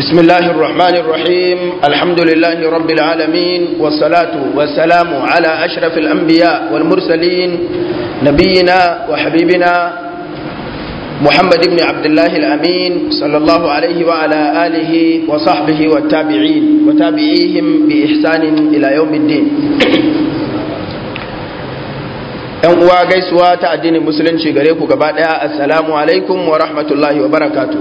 بسم الله الرحمن الرحيم الحمد لله رب العالمين والصلاة والسلام على أشرف الأنبياء والمرسلين نبينا وحبيبنا محمد بن عبد الله الأمين صلى الله عليه وعلى آله وصحبه والتابعين وتابعيهم بإحسان إلى يوم الدين ‘yan uwa gaisuwa ta addinin musulunci gare ku gaba ɗaya assalamu alaikum wa rahmatullahi wa barakatu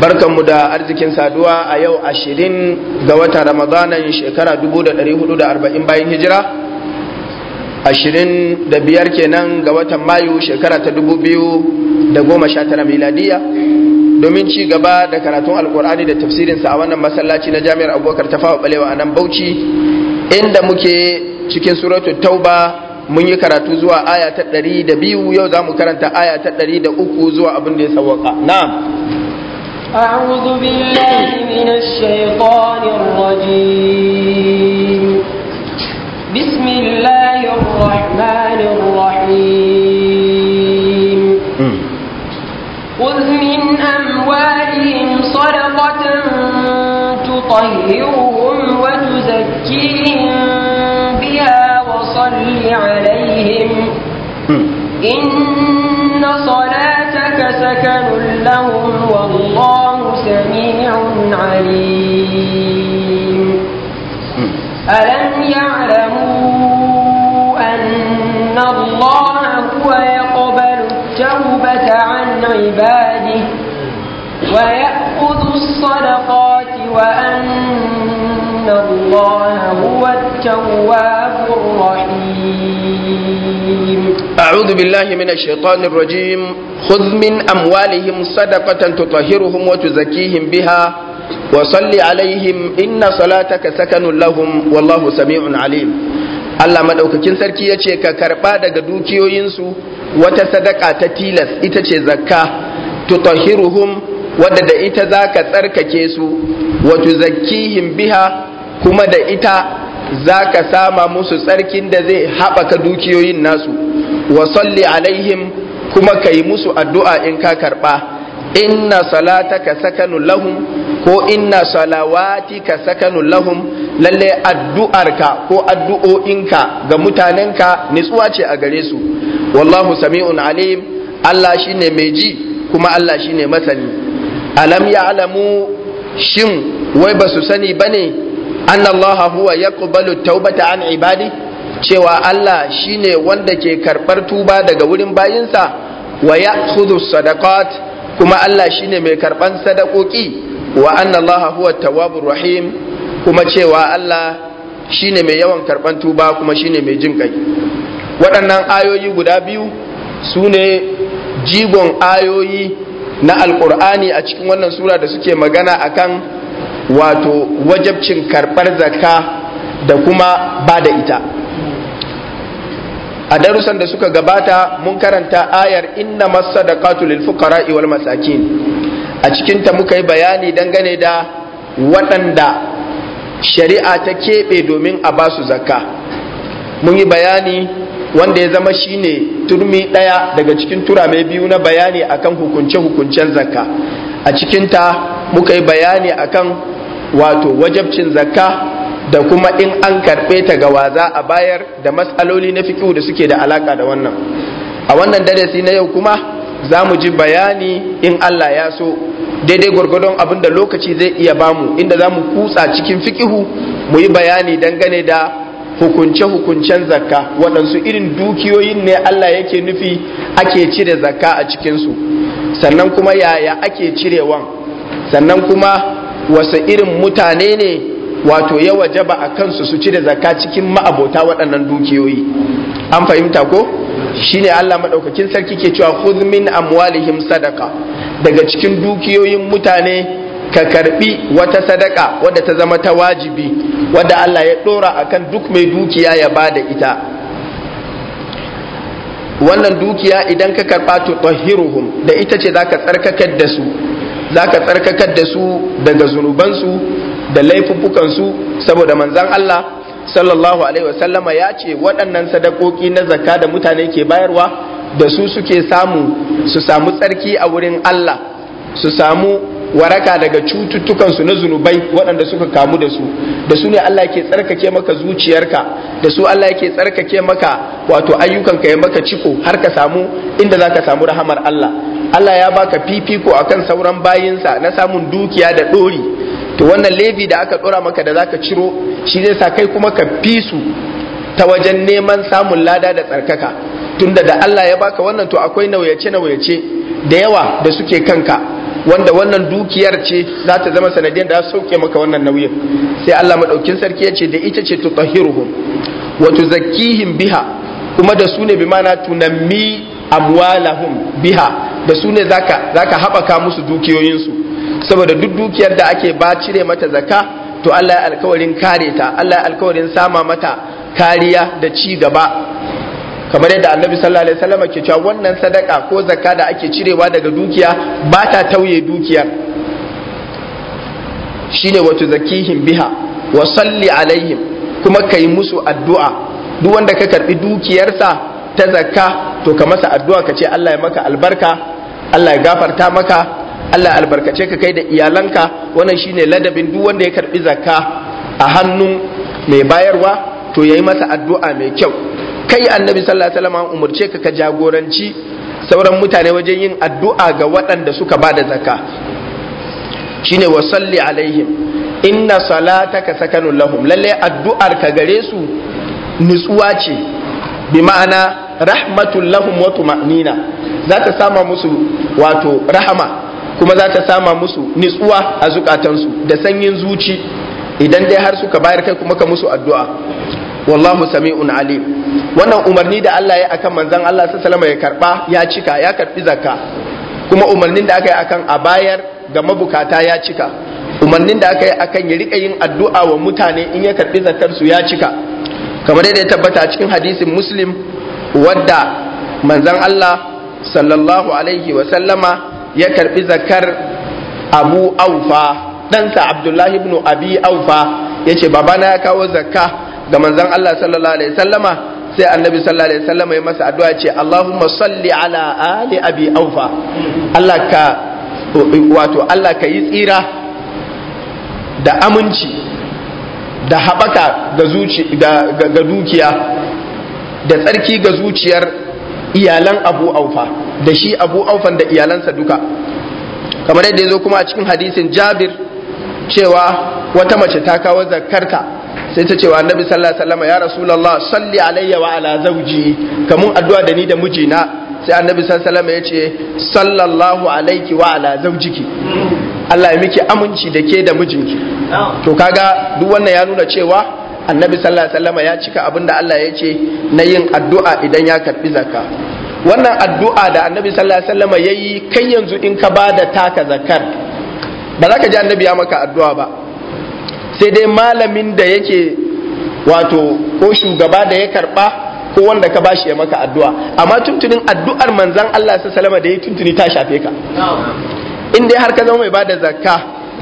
barkanmu da arzikin saduwa a yau ashirin ga watan ramadanan shekara 1440 bayan hijira ashirin da biyar kenan ga watan mayu shekara ta 2019 miladiya domin ci gaba da karatun alkur'ani da tafsirinsa a wannan masallaci na jami'ar abubakar ta fawa balewa a nan bauchi inda muke cikin suratu tauba mun yi karatu zuwa aya ta 200 yau za mu karanta aya ta uku zuwa abin da ya sauwaka na'am أعوذ بالله من الشيطان الرجيم بسم الله الرحمن الرحيم خذ من أموالهم صدقة تطهرهم وتزكيهم بها وصل عليهم إن عليم ألم يعلموا أن الله هو يقبل التوبة عن عباده ويأخذ الصدقات وأن الله هو التواب الرحيم أعوذ بالله من الشيطان الرجيم خذ من أموالهم صدقة تطهرهم وتزكيهم بها wasalli alaihim inna salataka سكن lahum Wallahu sami'un alim Allah madaukakin sarki ya ce ka karɓa daga dukiyoyinsu wata sadaka ta tilas ita ce zakka tutahhiruhum wadda da ita za ka tsarkake su wa tuzakkihim biha kuma da ita za ka sama musu tsarkin da zai haɓaka dukiyoyin nasu Wasalli alaihim kuma ka yi musu addu'a in ka karɓa inna salataka sakanu lahum ko inna salawati saka sakanun lahum lalle addu'arka ko addu'o'inka ga mutanenka nitsuwa ce a gare su wallahu sami'un alim Allah shine mai ji kuma Allah shine masani alam ya'lamu shin wai ba su sani bane anna Allah huwa yaqbalu taubata an ibadi cewa Allah shine wanda ke karbar tuba daga wurin bayinsa wa ya'khudhu sadaqat kuma Allah shine mai karban sadakoki wa anna Allah huwa tawwabur rahim kuma cewa Allah shine mai yawan karban tuba kuma shine mai jin kai waɗannan ayoyi guda biyu su ne jigon ayoyi na alƙur'ani a cikin wannan sura da suke magana akan wato wajabcin karɓar zakka da kuma ba da ita a darussan da suka gabata mun karanta ayar inna masadaqatu lil fuqara'i wal masakin a cikinta muka yi bayani dangane da waɗanda shari'a ta keɓe domin a ba su zakka mun yi bayani wanda ya zama shine turmi ɗaya daga cikin tura mai biyu na bayani akan hukunce-hukuncen zakka a cikinta muka yi bayani akan wato wajabcin zakka da kuma in an karɓe ta ga waza a bayar da matsaloli na fikihu da suke da alaƙa da wannan a wannan darasi na yau kuma za mu ji bayani in Allah ya so daidai gwargwadon abin da lokaci zai iya bamu inda za mu kutsa cikin fikihu mu yi bayani dangane da hukunce-hukuncen zakka waɗansu irin dukiyoyin ne Allah yake nufi ake cire zakka a cikinsu sannan kuma yaya ake cire wan? sannan kuma wasu irin mutane ne wato ya wajaba a kansu su ci da zakka cikin ma'abota waɗannan dukiyoyi an fahimta ko shi ne Allah maɗaukakin sarki ke cewa kuzmin min amwalihim sadaka daga cikin dukiyoyin mutane ka karbi wata sadaka wadda ta zama ta wajibi wadda Allah ya ɗora akan duk mai dukiya ya bada ita wannan dukiya idan ka karɓa to tahiruhum da ita ce za tsarkakar da su zaka tsarkakar da su daga zunubansu da laifuffukansu saboda manzan Allah sallallahu alaihi wasallama ya ce waɗannan sadakoki na zakka da mutane ke bayarwa da su suke samu su samu tsarki a wurin Allah su samu waraka daga cututtukansu na zunubai waɗanda suka kamu da su da su ne Allah ke tsarkake maka zuciyarka da su Allah ke tsarkake maka wato ayyukanka ya maka ciko har ka samu inda za ka samu rahamar Allah Allah ya baka fifiko akan sauran bayinsa na samun dukiya da ɗori to wannan levi da aka dora maka da zaka ciro shi zai sa kai kuma ka fi su ta wajen neman samun lada da tsarkaka tunda da Allah ya baka wannan to akwai nauyace nauyace da yawa da suke kanka wanda wannan dukiyar ce za ta zama sanadiyar da sauke maka wannan nauyin sai Allah madaukin sarki ya ce da ita ce tahiruhum wa tuzakkihim biha kuma da su ne bi mana tunammi amwalahum biha da su zaka zaka haɓaka musu dukiyoyinsu saboda duk dukiyar da ake ba cire mata zaka, to Allah ya alkawarin kare ta Allah ya alkawarin sama mata kariya da ci gaba kamar yadda annabi sallallahu alaihi wasallam ke cewa wannan sadaka ko zakka da ake cirewa daga dukiya ba ta tauye dukiyar shine wato zakihim biha wa salli alaihim kuma kai musu addu'a duk wanda ka karbi dukiyarsa ta zakka to ka masa addu'a ka ce Allah ya maka albarka Allah ya gafarta maka Allah albarkace ka kai da iyalanka wannan shine ladabin duk wanda ya karbi zakka a hannun mai bayarwa to yayi masa addu'a mai kyau kai annabi sallallahu alaihi wasallam umurce ka ka jagoranci sauran mutane wajen yin addu'a ga waɗanda suka bada zakka shine wa salli alaihim inna salataka sakanun lahum lalle addu'ar ka gare su nutsuwa ce bi ma'ana rahmatul lahum wa tumanina za sama musu wato rahama kuma za ta sama musu nitsuwa a zukatansu da sanyin zuci idan dai har suka bayar kai kuma ka musu addu'a wallahu sami'un alim wannan umarni da Allah ya akan manzon Allah sallallahu ya karba ya cika ya karbi zakka kuma umarnin da aka yi akan a bayar ga mabukata ya cika umarnin da aka yi akan ya rika yin addu'a wa mutane in ya karbi zakkar su ya cika kamar yadda ya tabbata cikin hadisin muslim wadda manzon Allah sallallahu alaihi wa sallama ya karbi zakar abu aufa ɗansa abdullahi ibn abi aufa ya ce babana ya kawo zakka ga manzon allah sallallahu alaihi sallama sai annabi sallallahu alaihi sallama ya masa addu'a ce allahumma salli ala ali abi aufa allah ka wato allah ka yi tsira da aminci da haɓaka ga dukiya da tsarki ga zuciyar iyalan abu aufa da shi abu aufan da iyalansa duka kamar yadda ya zo kuma a cikin hadisin jabir cewa wata mace ta kawo zakarta sai ta cewa annabi sallallahu alaihi wasallam ya rasulullah salli alayya wa ala zawji kamun addu'a da ni da mijina sai annabi sallallahu alaihi wasallam ya ce sallallahu alayki wa ala zawjiki Allah ya miki aminci da ke da mijinki to kaga duk wannan ya nuna cewa annabi sallallahu alaihi wasallam ya cika abinda Allah ya ce na yin addu'a idan ya karbi zakka wannan addu'a da annabi sallallahu alaihi wasallam yayi kai yanzu in ka ba da taka zakar ba za ka ji annabi ya maka addu'a ba sai dai malamin da yake wato ko shugaba da ya karba ko wanda ka bashi ya maka addu'a amma tuntunin addu'ar manzan Allah sallallahu da ya tuntuni ta shafe ka in dai har ka zama mai bada zakka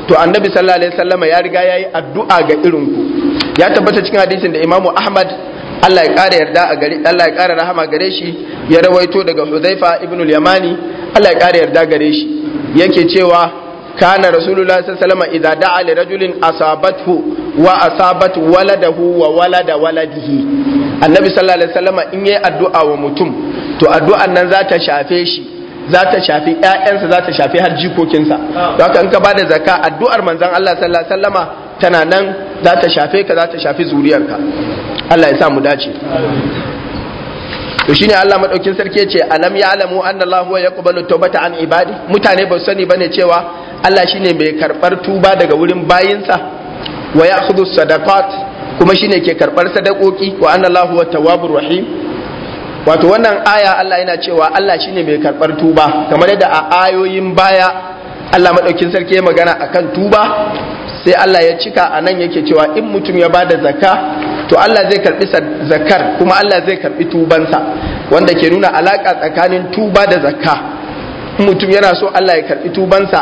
to annabi sallallahu alaihi wasallam ya riga yayi addu'a ga irinku ya tabbata cikin hadisin da imamu Ahmad Allah ya ƙara yarda a gare Allah ya ƙara rahama gare shi ya rawaito daga Hudhaifa ibn al-Yamani Allah ya ƙara yarda gare shi yake cewa kana rasulullah sallallahu alaihi wasallam idza da'a li rajulin asabathu wa asabat waladahu wa walada waladihi annabi sallallahu alaihi wasallam in yayi addu'a wa mutum to addu'an nan za ta shafe shi za ta shafi ƴaƴansa za ta shafi har jikokinsa don haka in ka bada zakka addu'ar manzon Allah sallallahu alaihi wasallama tana nan za ta shafe ka za ta shafi zuriyarka Allah ya samu dace to shine Allah madaukin sarki ya ce alam alamu anna Allah huwa yaqbalu tawbata an ibadi mutane ba su sani ne cewa Allah shine mai karbar tuba daga wurin bayinsa wa ya'khudhu sadaqat kuma shine ke karbar sadakoki wa anna Allah huwa tawwabur rahim wato wannan aya Allah yana cewa Allah shine mai karbar tuba kamar yadda a ayoyin baya Allah madaukin sarki ya magana akan tuba sai Allah ya cika a nan yake cewa in mutum ya bada zakka to Allah zai karbi zakkar kuma Allah zai karbi tubansa wanda ke nuna alaka tsakanin tuba da zakka mutum yana so Allah ya karbi tubansa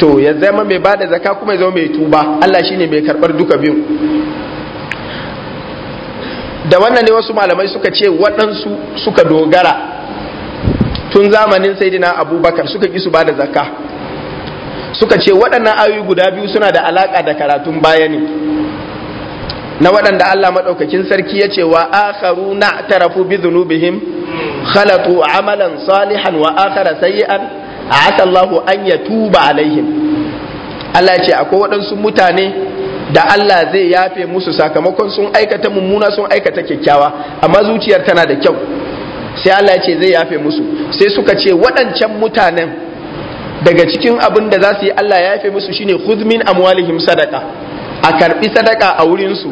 to ya zama mai bada zakka kuma ya zama mai tuba Allah shine mai karbar duka biyu da wannan ne wasu malamai suka ce waɗansu suka dogara tun zamanin saidina abubakar suka ƙi su bada da zakka suka ce waɗannan ayoyi guda biyu suna da alaƙa da karatun baya ne na waɗanda Allah maɗaukakin sarki ya ce wa akharu na tarafu bi zunubihim a amalan salihan wa akhara sayyi'an asa Allahu an yatuba alaihim Allah ce akwai waɗansu mutane da Allah zai yafe musu sakamakon sun aikata mummuna sun aikata kyakkyawa amma zuciyar tana da kyau sai Allah ya ce zai yafe musu sai suka ce waɗancan mutanen daga cikin abin da za su yi Allah ya yafe musu shi shine khudmin amwalihim sadaka a karbi sadaka a wurinsu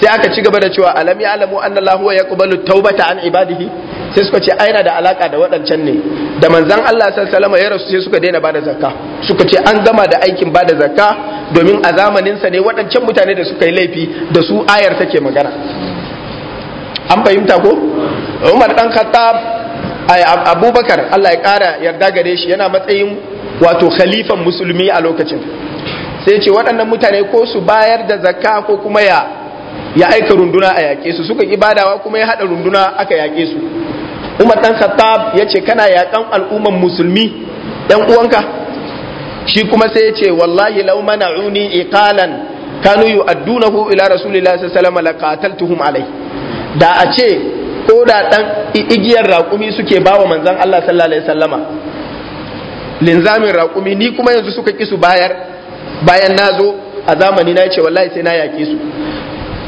sai aka ci gaba da cewa alam ya alamu anna Allah huwa yaqbalu taubata an ibadihi sai suka ce aina da alaka da waɗancan ne da manzan Allah sallallahu alaihi ya rasu sai suka daina bada zakka suka ce an gama da aikin bada zakka domin a zamanin sa ne waɗancan mutane da suka yi laifi da su ayar take magana an fahimta ko Umar ɗan Khattab abubakar Allah ya Kara yarda gare shi yana matsayin wato khalifan musulmi a lokacin sai ce waɗannan mutane ko su bayar da zakka ko kuma ya ya aika runduna a yaƙe su suka ibadawa kuma ya haɗa runduna aka yaƙe su umar ɗan khattab ya ce kana yaƙan al'umman musulmi ɗan uwanka shi kuma sai ya ce wallahi laumana uni iqalan kanu yu'addunahu ila rasulillahi sallallahu alaihi wasallam laqataltuhum alai da a ce Ko da dan igiyar raƙumi suke ba wa manzon Allah sallallahu alaihi wasallama linzamin raƙumi ni kuma yanzu suka ki su bayar bayan na a zamani na yace wallahi sai na yaƙe su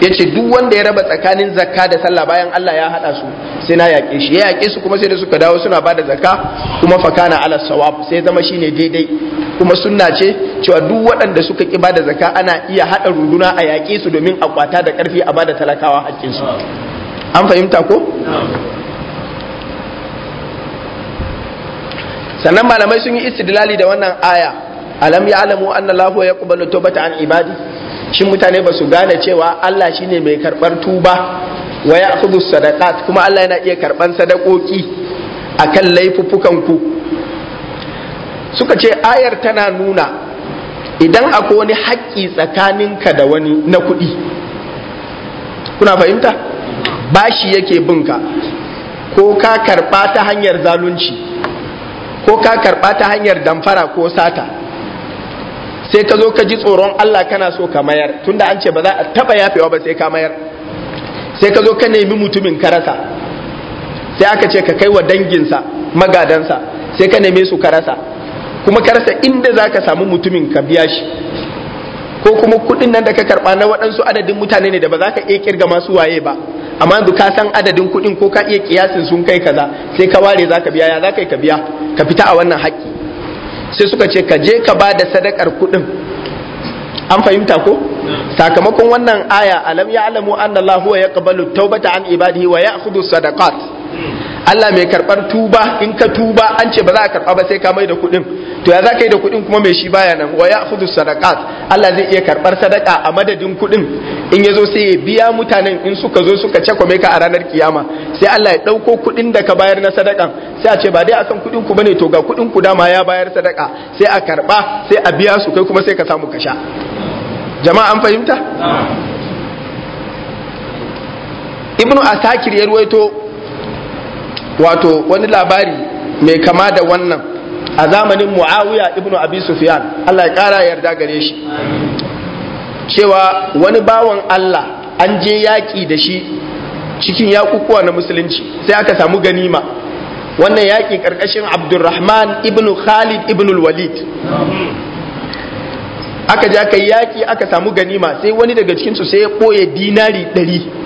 yace duk wanda ya raba tsakanin zakka da sallah bayan Allah ya hada su sai na yaƙe shi ya yaƙe su kuma sai da suka dawo suna ba da zakka kuma fakana ala sawab sai zama shine daidai kuma sunna ce cewa duk waɗanda suka ki ba da zakka ana iya hada runduna a yaƙe su domin a kwata da ƙarfi a ba da talakawa su. an fahimta ko sannan malamai sun yi istidlali da wannan aya alam ya alamu anna ya kubalu bata an ibadi shin mutane ba su gane cewa Allah shine mai karbar tuba wa ya sadaqat kuma Allah yana iya karɓar sadakoki akan laifuffukan ku suka ce ayar tana nuna idan akwai wani haƙƙi tsakaninka da wani na kuɗi kuna fahimta bashi yake binka ko ka karɓa ta hanyar zalunci ko ka karɓa ta hanyar damfara ko sata sai ka zo ka ji tsoron Allah kana so ka mayar tunda an ce ba za a taɓa yafewa ba sai ka mayar sai ka zo ka nemi mutumin ka rasa sai aka ce ka kai wa danginsa magadansa sai ka neme su ka rasa kuma ka rasa inda za ka samu mutumin ka biya shi ko kuma kuɗin nan da ka karɓa na waɗansu adadin mutane ne da ba za ka iya kirga masu waye ba amma duk ka san adadin kuɗin ko ka iya kiyasin sun kai kaza sai ka ware za ka biya ya za ka ka biya ka fita a wannan haƙƙi sai suka ce ka je ka ba da sadakar kuɗin an fahimta ko sakamakon wannan aya alam ya alamu anna wa yaqbalu tawbata an ibadihi wa ya'khudhu sadaqat Allah mai karɓar tuba in ka tuba an ce ba za a karɓa ba sai ka mai da kuɗin to ya za ka yi da kuɗin kuma mai shi baya nan wa ya hudu sadaqat Allah zai iya karɓar sadaka a madadin kuɗin in ya zo sai ya biya mutanen in suka zo suka cakwame ka a ranar kiyama sai Allah ya ɗauko kuɗin da ka bayar na sadakan sai a ce ba dai a san kuɗin ku bane to ga kuɗin ku dama ya bayar sadaka sai a karɓa sai a biya su kai kuma sai ka samu kasha jama'a an fahimta ibnu asakir ya ruwaito wato wani labari mai kama da wannan a zamanin muawiya ibnu abi sufyan Allah ya kara yarda gare shi cewa wani bawan Allah an je yaƙi da shi cikin yakukuwa na musulunci sai aka samu ganima wannan yaƙi ƙarƙashin abdulrahman ibnu khalid ibnu walid aka ja kai yaƙi aka samu ganima sai wani daga cikinsu sai ya ɓoye dinari ɗari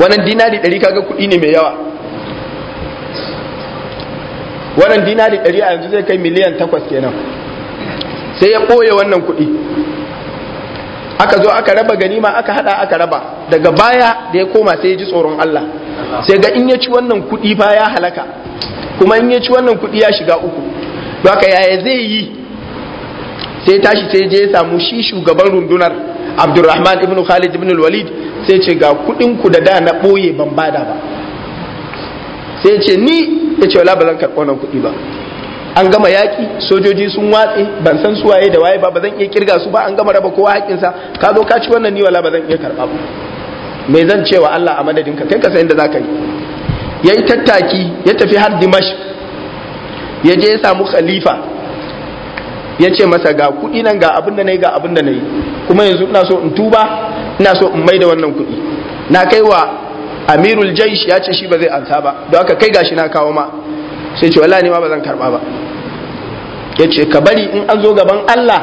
wannan dinari ɗari kaga kuɗi ne mai yawa wannan dinari ɗari a yanzu zai kai miliyan takwas kenan sai ya ɓoye wannan kuɗi aka zo aka raba ganima aka hada aka raba daga baya da ya koma sai ya ji tsoron Allah sai ga in ya ci wannan kuɗi fa ya halaka kuma in ya ci wannan kuɗi ya shiga uku aka yaya zai yi sai tashi sai je ya samu shi shugaban rundunar Abdulrahman ibn Khalid ibn Walid sai ce ga kuɗin ku da da na ɓoye ban bada ba sai ce ni ya ce wala ba zan karɓo nan kuɗi ba an gama yaƙi sojoji sun watse ban san su waye da waye ba ba zan iya kirga su ba an gama raba kowa sa ka zo ka ci wannan ni wala ba zan iya karɓa ba me zan ce wa Allah a ka kai ka san inda zaka yi yayi tattaki ya tafi har dimash ya je ya samu khalifa ya ce masa ga kuɗi nan ga abin da nayi ga abin da nayi kuma yanzu ina so in tuba ina so in mai da wannan kuɗi na kai wa amirul jaish ya ce shi ba zai amsa ba don haka kai gashi na kawo ma sai ce wallahi ma ba zan karba ba Yace ce ka bari in an zo gaban Allah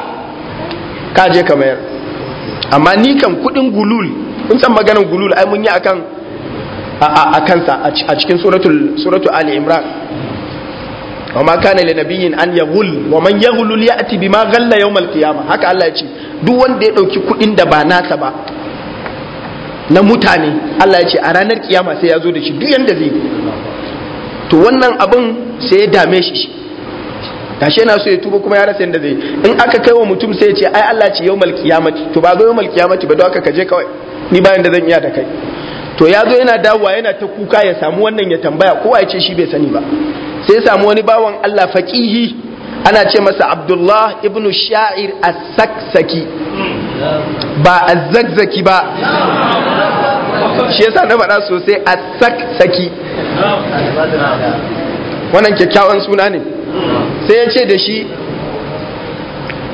ka je ka mayar amma ni kan kuɗin gulul in san maganar gulul ai mun yi akan a kansa a cikin suratul suratu ali imran wa ma kana li nabiyyin an yaghul wa man yaghul liyati bima ghalla yawm al-qiyamah haka Allah ya ce duk wanda ya dauki kudin da ba nasa ba na mutane Allah ya ce a ranar kiyama sai ya zo da shi duk yanda zai to wannan abin sai ya dame shi gashi yana so ya tuba kuma ya rasa yanda zai in aka kai wa mutum sai ya ce ai Allah ce yawmal qiyamati to ba zo yawmal qiyamati ba don aka kaje kawai ni bayan da zan iya da kai to ya zo yana dawowa yana ta kuka ya samu wannan ya tambaya kowa ya ce shi bai sani ba sai samu wani bawan Allah faƙihi ana ce masa Abdullah ibn Sha'ir as-Saksaki ba az-Zakzaki ba shi yasa na faɗa sosai as-Saksaki wannan kyakkyawan suna ne sai ya ce da shi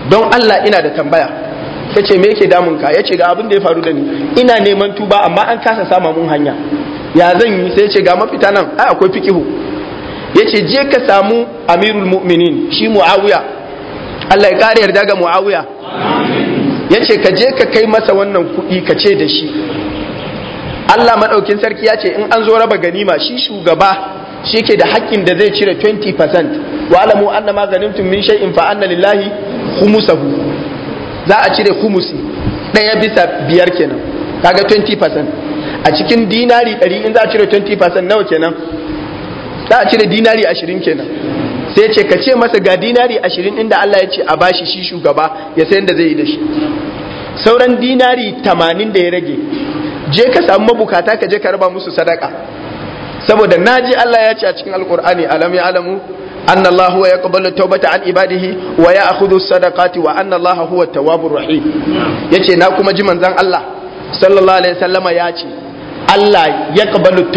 don Allah ina da tambaya ya ce me yake damun ka ya ce ga abin da ya faru da ni ina neman tuba amma an kasa sama mun hanya ya zan yi sai ce ga mafita nan ai akwai fikihu yace je ka samu amirul mu'minin shi muawiya Allah ya kare yarda ga muawiya yace ka je ka kai masa wannan kuɗi ka ce da shi Allah maɗaukin sarki ya ce in an zo raba ganima shi shugaba shi ke da haƙƙin da zai cire 20% wa alamu anna ma ganimtum min shay'in fa anna lillahi khumusahu za a cire khumusi ɗaya bisa biyar kenan kaga 20% a cikin dinari 100 in za a cire 20% nawa kenan za a cire dinari ashirin kenan sai ce ka ce masa ga dinari ashirin inda Allah ya ce a bashi shi shugaba ya sayan da zai yi da shi sauran dinari tamanin da ya rage je ka samu mabukata ka je ka raba musu sadaka saboda naji Allah ya ce a cikin alkur'ani alam ya alamu ta'ubata an هو يقبل التوبة عن عباده wa الصدقات وأن الله هو التواب الرحيم na kuma ji زان Allah sallallahu alaihi wasallama ya ce. Allah ya kabalu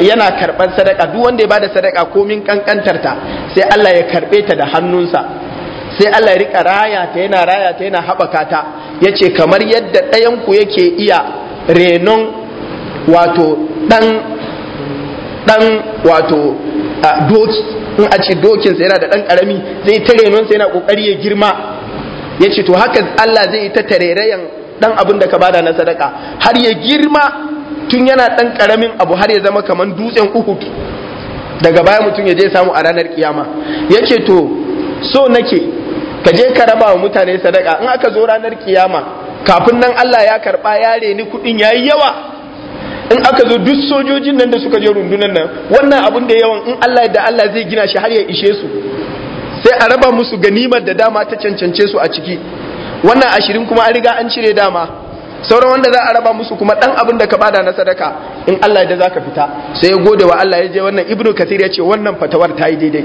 yana karɓar sadaka duk wanda ya bada sadaka komin kankantarta sai Allah ya karɓe ta da hannunsa sai Allah ya rika raya ta yana raya ta yana haɓaka ta yace kamar yadda ɗayanku yake iya renon wato ɗan ɗan wato doki in a ce dokinsa yana da ɗan ƙarami zai ta renonsa yana ƙoƙari ya girma yace to haka Allah zai ta tarerayen dan abin da ka bada na sadaka har ya girma tun yana ɗan ƙaramin abu har ya zama kamar dutsen uhud daga baya mutum ya je samu a ranar kiyama yake to so nake ka je ka raba wa mutane sadaka in aka zo ranar kiyama kafin nan Allah ya karba ya reni kuɗin ya yi yawa in aka zo duk sojojin nan da suka je rundunar nan wannan abun da yawan in Allah da Allah zai gina shi har ya ishe su sai a raba musu ganimar da dama ta cancance su a ciki wannan ashirin kuma an riga an cire dama sauran wanda za a raba musu kuma dan abin da ka bada na sadaka in Allah da zaka fita sai ya gode wa Allah ya je wannan ibnu kathir ya ce wannan fatawar ta yi daidai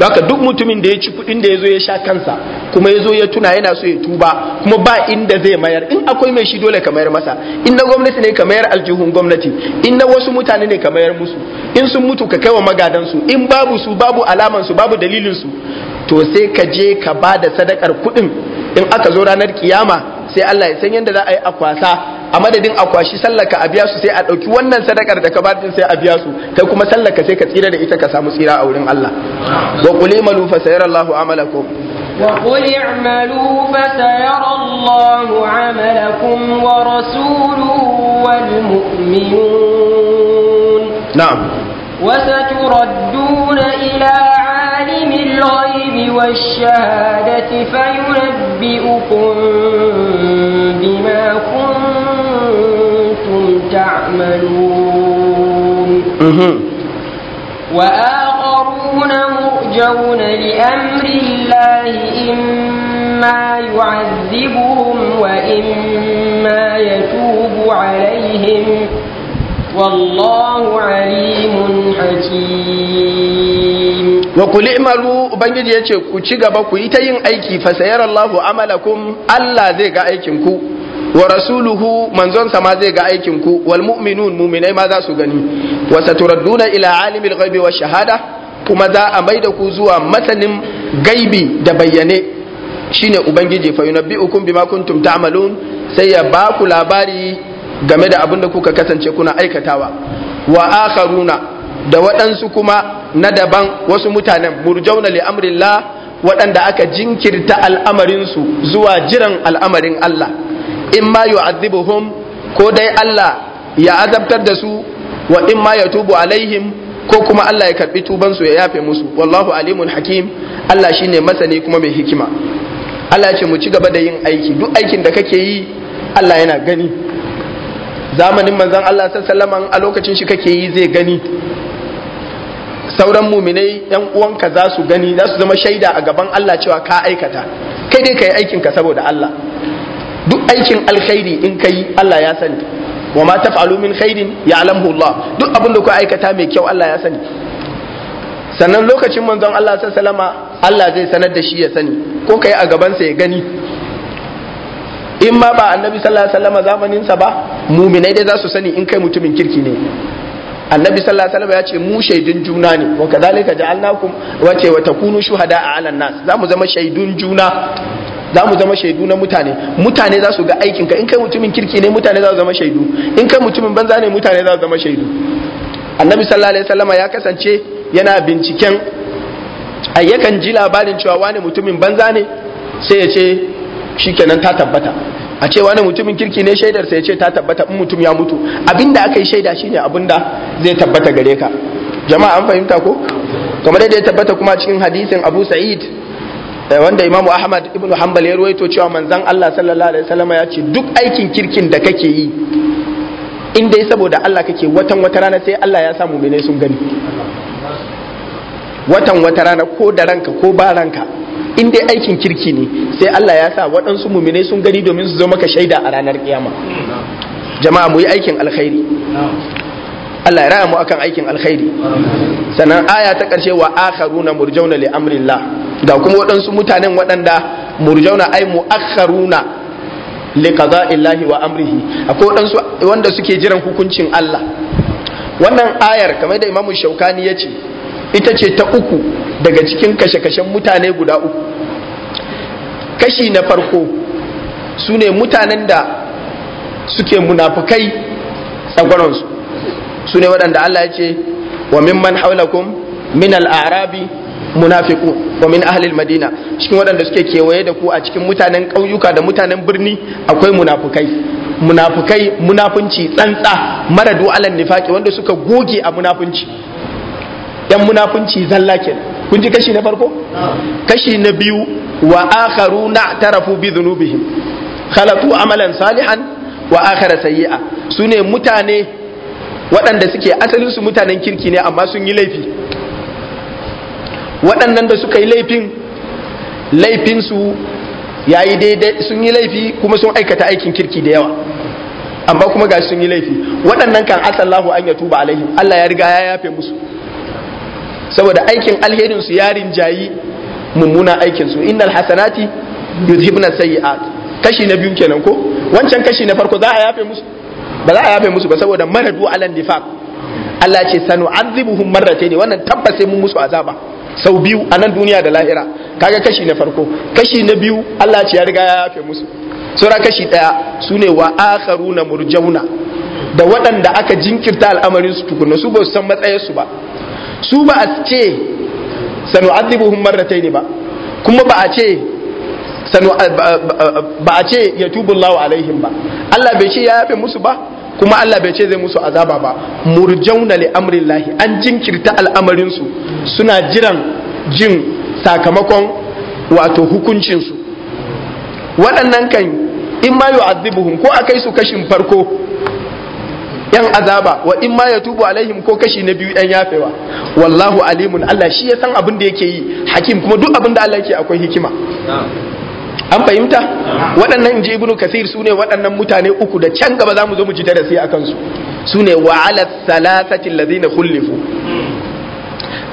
haka duk mutumin da ya ci kudin da ya zo ya sha kansa kuma ya zo ya tuna yana so ya tuba kuma ba inda zai mayar in akwai mai shi dole ka mayar masa in na gwamnati ne ka mayar aljihun gwamnati in na wasu mutane ne ka mayar musu in sun mutu ka kaiwa magadansu in babu su babu alaman su babu dalilin su to sai ka je ka ba da sadakar kudin in aka zo ranar kiyama sai Allah ya san yadda za a yi akwasa a madadin akwashi sallaka a biya su sai a ɗauki wannan sadakar da ka ba din sai a biya su kai kuma sallaka sai ka tsira da ita ka samu tsira a wurin Allah wa qul imalu fa sayarallahu amalakum wa qul i'malu fa sayarallahu amalakum wa rasuluhu wal mu'minun na'am wa saturadduna عالم الغيب والشهادة فينبئكم بما كنتم تعملون وآخرون مرجون لأمر الله إما يعذبهم وإما يتوب عليهم والله عليم حكيم wa kuli imaru ubangiji ya ce ku ci gaba ku yi ta yin aiki fa sayarallahu amalakum Allah zai ga aikin ku wa rasuluhu manzonsa ma zai ga aikin ku wal mu'minun mu'minai ma za su gani wa saturadduna ila alimil ghaibi wa shahada kuma za a maida ku zuwa masanin gaibi da bayyane shine ubangiji fa yunabbi'ukum bima kuntum ta'malun sai ya ba ku labari game da abin da kuka kasance kuna aikatawa wa akharuna da waɗansu kuma na daban wasu mutanen murjauna li amrillah waɗanda aka jinkirta al'amarinsu zuwa jiran al'amarin Allah in ma yu'adhibuhum ko dai Allah ya azabtar da su wa in ma yatubu alaihim ko kuma Allah ya karbi tubansu ya yafe musu wallahu alimun hakim Allah shine masani kuma mai hikima Allah ce mu ci gaba da yin aiki duk aikin da kake yi Allah yana gani zamanin manzon Allah sallallahu alaihi wasallam a lokacin shi kake yi zai gani sauran muminai yan uwanka za su gani za su zama shaida a gaban Allah cewa ka aikata kai dai kai aikin ka saboda Allah duk aikin alkhairi in kai Allah ya sani wa ma taf'alu min khairin ya'lamuhu Allah duk abin da ku aikata mai kyau Allah ya sani sannan lokacin manzon Allah wasallama Allah zai sanar da shi ya sani ko kai a gaban sa ya gani in ma ba annabi sallallahu alaihi wasallama zamanin sa ba muminai dai za su sani in kai mutumin kirki ne annabi sallallahu alaihi wasallam ya ce mu shaidun juna ne wa kadhalika ja'alnakum ce wa takunu shuhada ala nas za mu zama shaidun juna za mu zama shaidu na mutane mutane za su ga aikinka in kai mutumin kirki ne mutane za su zama shaidu in kai mutumin banza ne mutane za su zama shaidu annabi sallallahu alaihi wasallam ya kasance yana binciken ayyakan ji labarin cewa wani mutumin banza ne sai ya ce shikenan ta tabbata a ce wani mutumin kirki ne shaidar sai ce ta tabbata in mutum ya mutu abinda aka yi shaida shine abinda zai tabbata gare ka jama'a an fahimta ko kamar yadda ya tabbata kuma cikin hadisin Abu Sa'id eh, wanda Imam Ahmad ibn Hanbal ya ruwaito cewa manzon Allah sallallahu alaihi wasallam ya ce duk aikin kirkin da kake yi in dai saboda Allah kake watan wata rana sai Allah ya samu mene sun gani watan wata rana ko da ranka ko ba ranka in dai aikin kirki ne sai Allah ya sa waɗansu mumine sun gani domin su zo maka shaida a ranar kiyama jama'a mu yi aikin alkhairi Allah ya raya mu akan aikin alkhairi sannan aya ta ƙarshe wa akharuna murjauna li amrillah ga kuma waɗansu mutanen waɗanda murjauna ai mu akharuna li qada'illahi wa amrihi akwai waɗansu wanda suke jiran hukuncin Allah wannan ayar kamar da Imam Shaukani ya ce ita ce ta uku daga cikin kashe-kashen mutane guda uku kashi na farko su ne mutanen da suke munafukai tsagwaronsu su ne waɗanda Allah ya ce wa mimman haulakum min al'arabi munafiku wa min ahlil madina cikin waɗanda suke kewaye da ku a cikin mutanen ƙauyuka da mutanen birni akwai munafukai munafukai munafunci tsantsa mara du'alan nifaki wanda suka goge a munafunci yan munafunci zalla kenan kun ji kashi na farko kashi na biyu wa na tarafu bi dhunubihim khalatu amalan salihan wa sayi'a sayyi'a sune mutane waɗanda suke asalin su mutanen kirki ne amma sun yi laifi waɗannan da suka yi laifin laifinsu ya yi daidai sun yi laifi kuma sun aikata aikin kirki da yawa amma kuma ga sun yi laifi waɗannan kan asallahu an ya tuba alaihim Allah ya riga ya yafe musu saboda aikin alherin su yarin jayi mummuna aikin su innal hasanati yuzhibna sayiat kashi na biyu kenan ko wancan kashi na farko za a yafe musu ba za a yafe musu ba saboda maradu alan nifaq Allah ce sanu azibuhum marratayn wannan tabbas mun musu azaba sau biyu a nan duniya da lahira kaga kashi na farko kashi na biyu Allah ce ya riga ya yafe musu sura kashi daya sune wa akharuna murjauna da waɗanda aka jinkirta al'amarin su tukunna su ba su san matsayinsu ba su ba a ce sanu'adhibuhum ne ba kuma ba a ce ba a ce lawa alaihim ba Allah bai ce ya yafe musu ba kuma Allah bai ce zai musu azaba ba murjauna li lahi an jinkirta al'amarin su suna jiran jin sakamakon wato hukuncin su waɗannan kan in ma yu'adhibuhum ko akai su kashin farko yan azaba wa in ma tubu alaihim ko kashi na biyu yan yafewa wallahu alimun Allah shi ya san abin da yake yi hakim kuma duk abin da Allah yake akwai hikima an fahimta waɗannan inji ibnu kasir sune waɗannan mutane uku da can gaba zamu zo mu ji darasi akan su sune wa ala salasati alladhina khulifu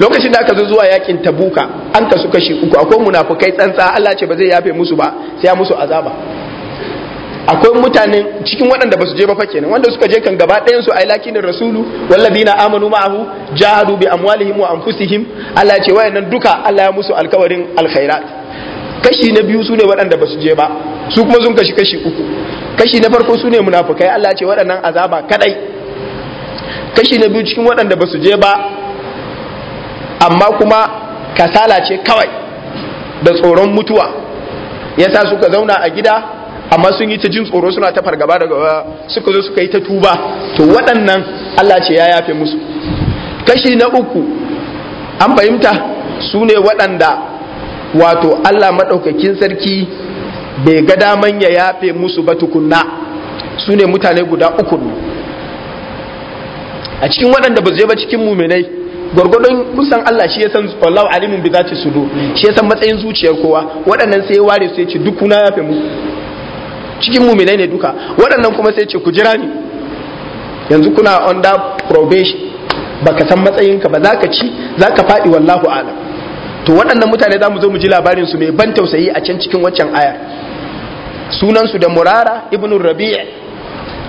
lokacin da aka zo zuwa yakin tabuka an kasu kashi uku akwai munafukai tsantsa Allah ce ba zai yafe musu ba sai ya musu azaba akwai mutane cikin waɗanda ba su je ba fa kenan wanda suka je kan gaba ɗayan su ai lakinin rasulu walladina amanu ma'ahu jahadu bi amwalihim wa anfusihim Allah ya ce wayannan duka Allah ya musu alkawarin alkhairat kashi na biyu sune waɗanda ba su je ba su kuma sun kashi kashi uku kashi na farko sune munafikai Allah ya ce waɗannan azaba kadai kashi na biyu cikin waɗanda ba su je ba amma kuma kasala ce kawai da tsoron mutuwa yasa suka zauna a gida amma sun yi ta jin tsoro suna ta fargaba daga suka zo suka yi ta tuba to waɗannan Allah ce ya yafe musu kashi na uku an fahimta su ne waɗanda wato Allah maɗaukakin sarki bai ga daman ya yafe musu ba tukunna su ne mutane guda uku a cikin waɗanda ba zai ba cikin muminai gwargwadon kusan Allah shi ya san wallahu alimin bi su sudur shi ya san matsayin zuciyar kowa waɗannan sai ya ware su ya ce duk kuna yafe musu cikin muminai ne duka waɗannan kuma sai ce ku jira ni yanzu kuna under probation baka san matsayinka ba za ka ci za ka faɗi wallahu alam to waɗannan mutane za mu zo mu ji labarin su mai ban tausayi a can cikin waccan ayar sunansu da murara ibn rabi'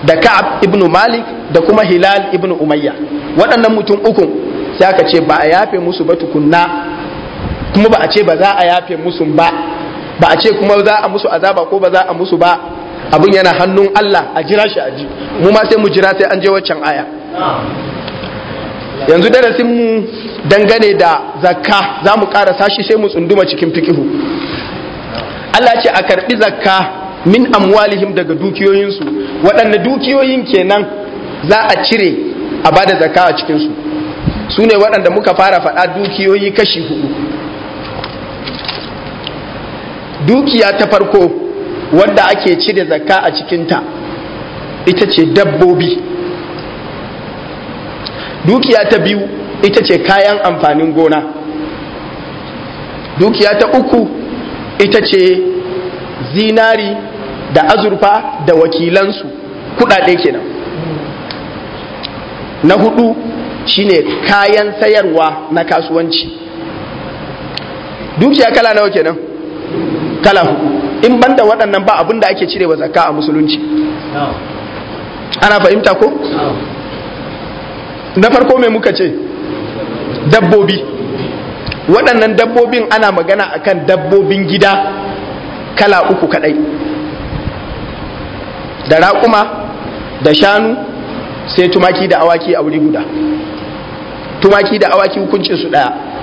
da ka'ab ibn malik da kuma hilal ibn umayya waɗannan mutum uku sai aka ce ba a yafe musu ba tukunna kuma ba a ce ba za a yafe musu ba ba a ce kuma za a musu azaba ko ba za a musu ba abin yana hannun Allah a jira shi a ji mu ma sai mu jira sai an je waccan aya yanzu darasin mu dangane da zakka za mu ƙara sashi sai mu tsunduma cikin fikihu Allah ce a karɓi zakka min amwalihim daga dukiyoyinsu waɗanne dukiyoyin kenan za a cire a bada zakka a cikinsu su ne waɗanda muka fara faɗa dukiyoyi kashi hudu dukiya ta farko wadda ake cire zakka a cikinta ita ce dabbobi dukiya ta biyu ita ce kayan amfanin gona dukiya ta uku ita ce zinari da azurfa da wakilansu kudade kenan na hudu shine kayan sayarwa na kasuwanci dukiya kala nawa kenan kala hudu in banda waɗannan ba abin da ake wa zakka a musulunci ana fahimta ko na farko mai muka ce dabbobi waɗannan dabbobin ana magana akan dabbobin gida kala uku kaɗai da raƙuma da shanu sai tumaki da awaki a wuri guda tumaki da awaki hukuncin su ɗaya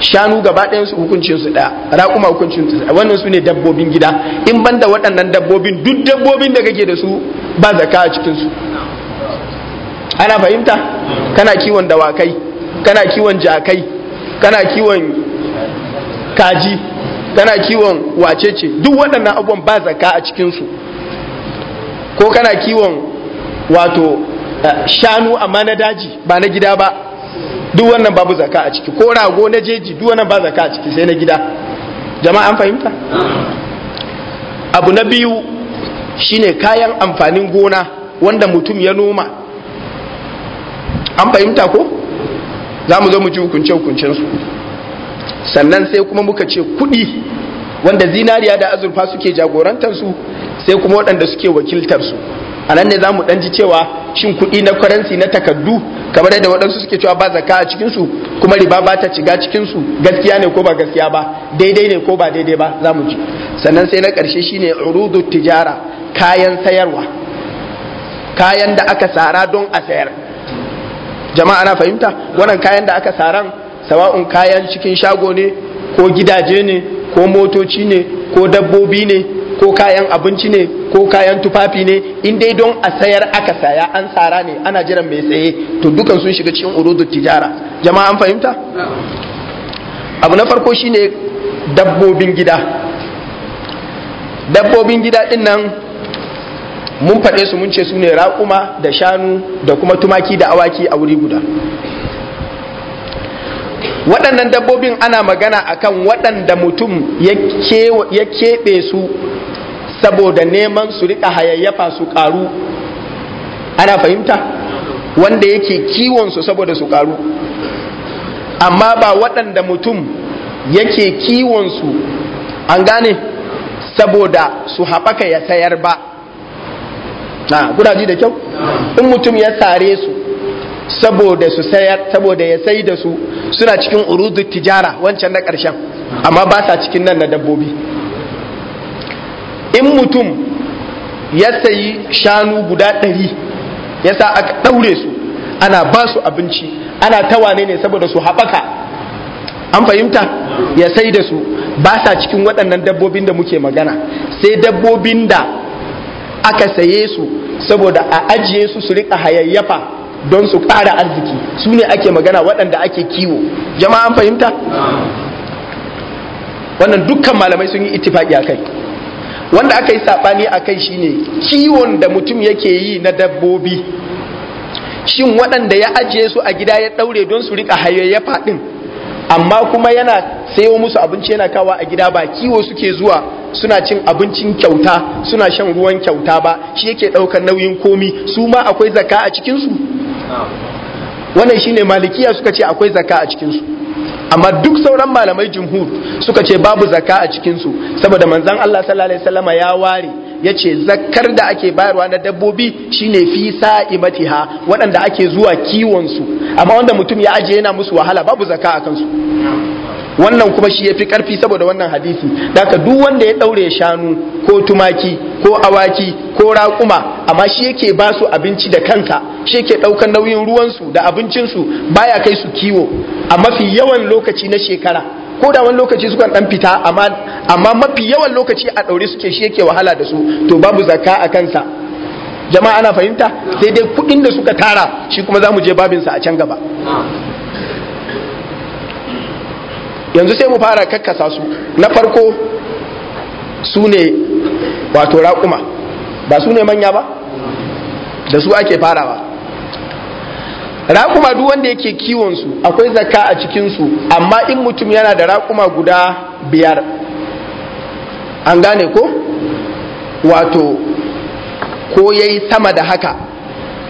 shanu gaba ɗayan su hukuncin su ɗaya raƙuma hukuncin su ɗaya wannan su ne dabbobin gida in banda waɗannan dabbobin duk dabbobin da kake da su ba zaka a cikin ana fahimta kana kiwon dawakai kana kiwon jakai kana kiwon kaji kana kiwon wacece duk waɗannan abubuwan ba zaka a cikin ko kana kiwon wato eh, shanu amma na daji ba na gida ba duk wannan babu zaka a ciki ko rago na jeji duk wannan ba zaka a ciki sai na gida jama'a an fahimta abu na biyu shine kayan amfanin gona wanda mutum ya noma an fahimta ko za mu zo mu ji hukunce hukuncensu sannan sai kuma muka ce kuɗi wanda zinariya da azurfa suke jagorantar su sai kuma waɗanda suke wakiltarsu a nan ne za mu ji cewa shin kuɗi na kwaransi na takaddu kamar yadda waɗansu suke cewa ba zaka a cikinsu kuma riba ba ta cikin cikinsu gaskiya ne ko ba gaskiya ba daidai ne ko ba daidai ba za mu ji sannan sai na ƙarshe shine urudu tijara kayan sayarwa kayan da aka sara don a sayar jama'a na fahimta wannan kayan da aka saran sawa'un kayan cikin shago ne ko gidaje ne ko motoci ne ko dabbobi ne ko kayan abinci ne ko kayan tufafi ne in dai don a sayar aka saya an tsara ne ana jiran mai saye to dukan sun shiga cikin urudu tijara jama'a an fahimta abu na farko shine dabbobin gida dabbobin gida din nan mun faɗe su mun ce su ne raƙuma da shanu da kuma tumaki da awaki a wuri guda waɗannan dabbobin ana magana akan waɗanda mutum ya keɓe su saboda neman su rika hayayyafa su karu ana fahimta wanda yake kiwon su saboda su karu amma ba waɗanda mutum yake kiwon su an gane saboda su haɓaka ya sayar ba na ji da kyau in mutum ya sare su saboda su sayar saboda ya sai da su suna cikin urudu tijara wancan na ƙarshen amma ba sa cikin nan na dabbobi in mutum ya sayi shanu guda ɗari ya sa aka ɗaure su ana ba su abinci ana tawane ne saboda su haɓaka an fahimta ya sai da su ba sa cikin waɗannan dabbobin da muke magana sai dabbobin da aka saye su saboda a ajiye su su riƙa hayayyafa don su ƙara arziki su ne ake magana waɗanda ake kiwo jama'an fahimta wannan dukkan malamai sun yi ittifaki a kai wanda aka yi saɓani a kai shine kiwon da mutum yake yi na dabbobi shin waɗanda ya ajiye su a gida ya ɗaure don su rika riƙa ya faɗin amma kuma yana sayo musu abinci yana kawa a gida ba kiwo suke zuwa suna cin abincin kyauta suna shan ruwan kyauta ba shi yake ɗaukar nauyin komi su ma akwai zaka a cikinsu wannan shine malikiya suka ce akwai zaka a cikinsu amma duk sauran malamai jumhur suka ce babu zaka a cikinsu saboda manzon Allah sallallahu alaihi wasallama ya ware ya ce zakar da ake bayarwa na dabbobi shine fi sa'imatiha waɗanda ake zuwa kiwonsu amma wanda mutum ya aje yana musu wahala babu zaka a kansu wannan kuma shi ya fi karfi saboda wannan hadisi daga duk wanda ya daure shanu ko tumaki ko awaki ko raƙuma amma shi yake ba su abinci da kansa shi yake ɗaukar nauyin ruwansu da abincinsu baya kai su kiwo a mafi yawan lokaci na shekara ko da wani lokaci sukan dan fita amma amma mafi yawan lokaci a daure suke shi yake wahala da su to babu zakka a kansa jama'a ana fahimta sai dai kuɗin da suka tara shi kuma za mu je babinsa a can gaba yanzu sai mu fara kakkasa su na farko su ne wato raƙuma ba su ne manya ba da su ake farawa raƙuma duk wanda yake kiwonsu akwai zaka a cikinsu amma in mutum yana da raƙuma guda biyar an gane ko wato ko ya yi sama da haka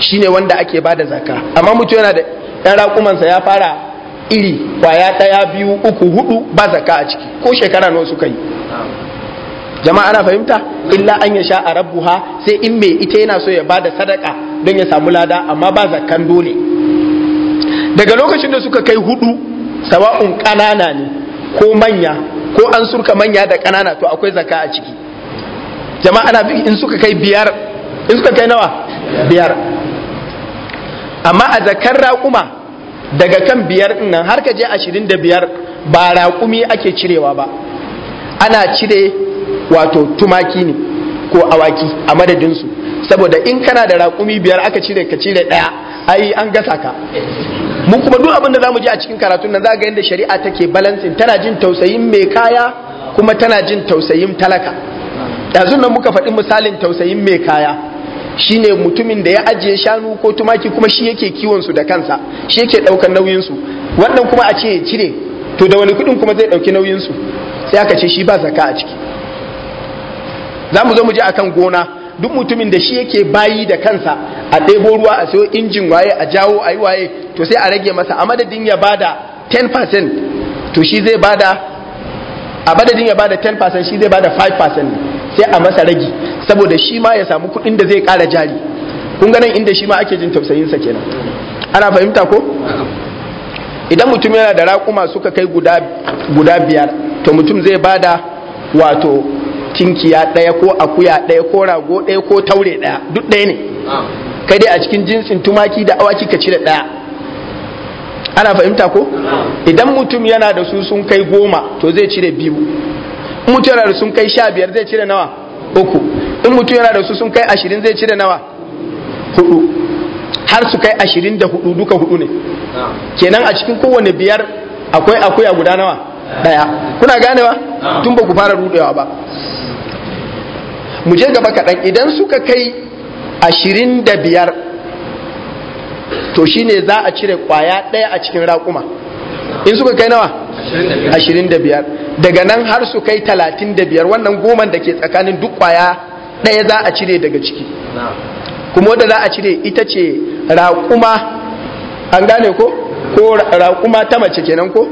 shine wanda ake ba da zakka amma mutum yana da 'yan raƙumansa ya fara iri kwaya ɗaya biyu uku hudu ba zaka a ciki ko shekara nawa suka yi jama'a ana fahimta illa an ya sha a rabbuha sai in mai ita yana so ya bada sadaka don ya samu lada amma ba zakkan dole daga lokacin da suka kai hudu sawa'un ƙanana ne ko manya ko an surka manya da ƙanana to akwai zakka a ciki jama'a ana in suka kai biyar in suka kai nawa biyar amma a zakar raƙuma daga kan biyar nan har ka je ashirin da biyar ba raƙumi ake cirewa ba ana cire wato tumaki ne ko awaki a madadinsu saboda in kana da raƙumi biyar aka cire ka cire ɗaya ai an gasa ka mu kuma duk abin da za mu ji a cikin karatun nan za ga yadda shari'a take balancing tana jin tausayin mai kaya kuma tana jin tausayin talaka yanzu nan muka faɗi misalin tausayin mai kaya Shi ne mutumin da ya ajiye shanu ko tumaki kuma shi yake kiwon da kansa shi yake daukar nauyinsu wannan kuma a ce ya cire to da wani kudin kuma zai ɗauki nauyinsu sai aka ce shi ba zaka a ciki za mu zo mu a akan gona duk mutumin da shi yake bayi da kansa a ɗebo ruwa a sayo injin waye a jawo a yi waye to sai a rage masa a madadin ya bada 10% to shi zai bada a madadin ya bada 10% shi zai bada sai a masa ragi saboda shi ma ya samu kuɗin da zai ƙara jari kun ganin inda shi ma ake jin tausayinsa kenan ana fahimta ko idan mutum yana da raƙuma suka kai guda biyar to mutum zai ba da wato tinkiya ɗaya ko akuya ɗaya ko rago ɗaya ko taure ɗaya duk ɗaya ne kai dai a cikin jinsin tumaki da awaki ka cire ɗaya ana fahimta ko idan mutum yana da su sun kai goma to zai cire biyu mutum yana da sun kai sha biyar zai cire nawa uku in mutum yana da su sun kai ashirin zai cire nawa hudu har su kai ashirin da hudu duka hudu ne kenan a cikin kowane biyar akwai akuya guda nawa daya kuna ganewa tun ba ku fara rudewa ba mu je gaba kaɗan idan suka kai ashirin da biyar to shine za a cire kwaya ɗaya a cikin raƙuma in suka kai nawa ashirin da biyar daga nan har su kai talatin da biyar wannan goman da ke tsakanin duk kwaya ɗaya za a cire daga ciki kuma wadda za a cire ita ce raƙuma an gane ko ko raƙuma ta mace kenan ko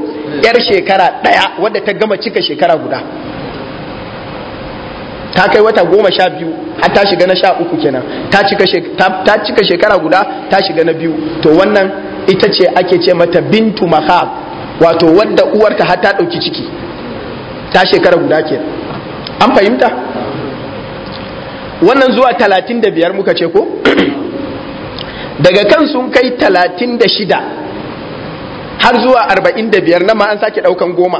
yar shekara ɗaya wadda ta gama cika shekara guda ta kai wata goma sha biyu har ta shiga na sha uku kenan ta cika shekara guda ta shiga na biyu to wannan ita ce ake ce mata bintu mahab wato wadda uwarta har ta ɗauki ciki ta shekara guda ke an fahimta wannan zuwa talatin da biyar muka ce ko daga kan sun kai talatin da shida har zuwa arba'in da biyar na ma an sake ɗaukan goma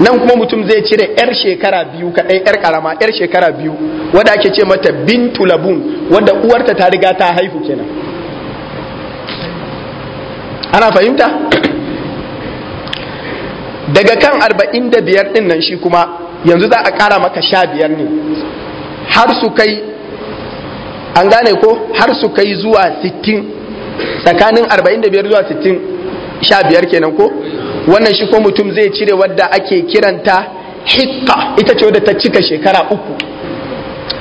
nan kuma mutum zai cire 'yar shekara biyu kaɗai 'yar karama 'yar shekara biyu wadda ake ce mata bintu labun wadda uwarta ta riga ta haihu kenan ana fahimta daga kan arba'in da biyar ɗin nan shi kuma yanzu za a ƙara maka sha biyar ne har su kai an gane ko har su kai zuwa sittin tsakanin arba'in da biyar zuwa sittin sha biyar kenan ko wannan shi ko mutum zai cire wadda ake kiranta hikka ita ce wadda ta cika shekara uku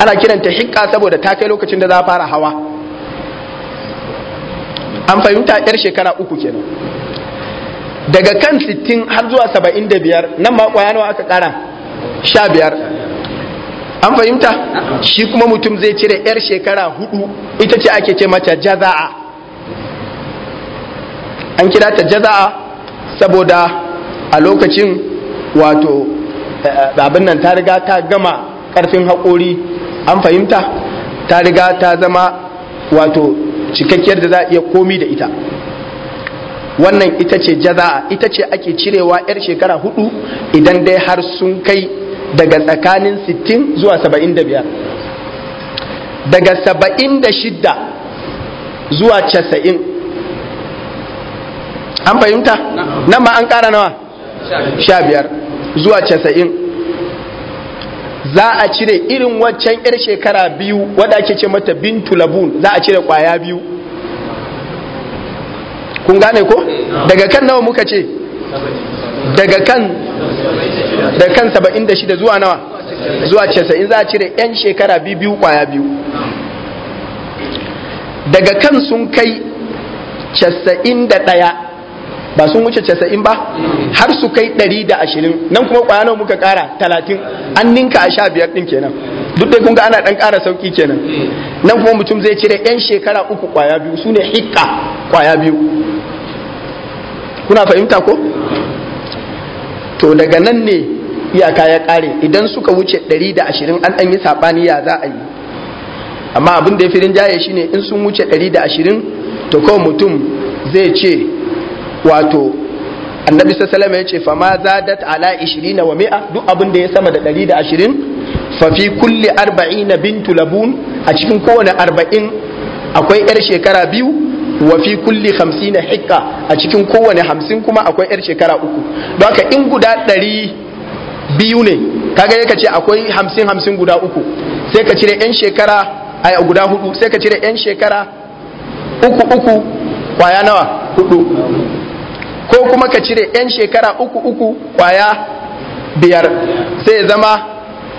ana kiranta hikka saboda ta kai lokacin da za a fara hawa an fahimta yar shekara uku kenan daga kan 60 har zuwa 75 nan ma kwaya nawa aka kara 15 an fahimta shi kuma mutum zai cire yar shekara hudu ita ce ake ce mata jaza'a an kira ta jaza'a saboda a lokacin wato eh, abin nan ta riga ta gama karfin haƙori an fahimta ta riga ta zama wato cikakkiyar da za a iya komi da ita wannan ita ce jaza'a ita ce ake cirewa 'yar shekara hudu idan dai har sun kai daga tsakanin 60 zuwa 75 daga 76 zuwa 90 an fahimta nan ma an kara nawa 15 zuwa 90 za a cire irin waccan 'yar shekara biyu wadda ake ce mata bintu labun za a cire kwaya biyu kun gane ko daga kan nawa muka ce daga kan da kan 76 zuwa nawa zuwa 90 za a cire yan shekara biyu kwaya biyu daga kan sun kai 91 ba sun wuce 90 ba har su kai 120 nan kuma kwaya nawa muka kara 30 an ninka a 15 din kenan duk dai kun ga ana dan kara sauki kenan nan kuma mutum zai cire yan shekara uku kwaya biyu su ne hikka kwaya biyu kuna fahimta ko to daga nan ne iyaka ya kare idan suka wuce 120 an ɗan yi saɓani ya za a yi amma abin da ya fi rinjaye shine in sun wuce 120 to kawai mutum zai ce wato annabi sassalama ya ce fama zadat ala 20 wa mi'a duk abin da ya sama da 120 fafi kulle 40 bintu labun a cikin kowane 40 akwai 'yar shekara biyu wa fi kulli 50 hikka a cikin kowane hamsin kuma akwai yar shekara uku don haka in guda ɗari biyu ne kaga ya ce akwai hamsin hamsin guda uku sai ka cire yan shekara a guda hudu sai ka cire yan shekara uku uku kwaya nawa hudu ko kuma ka cire yan shekara uku uku kwaya biyar sai zama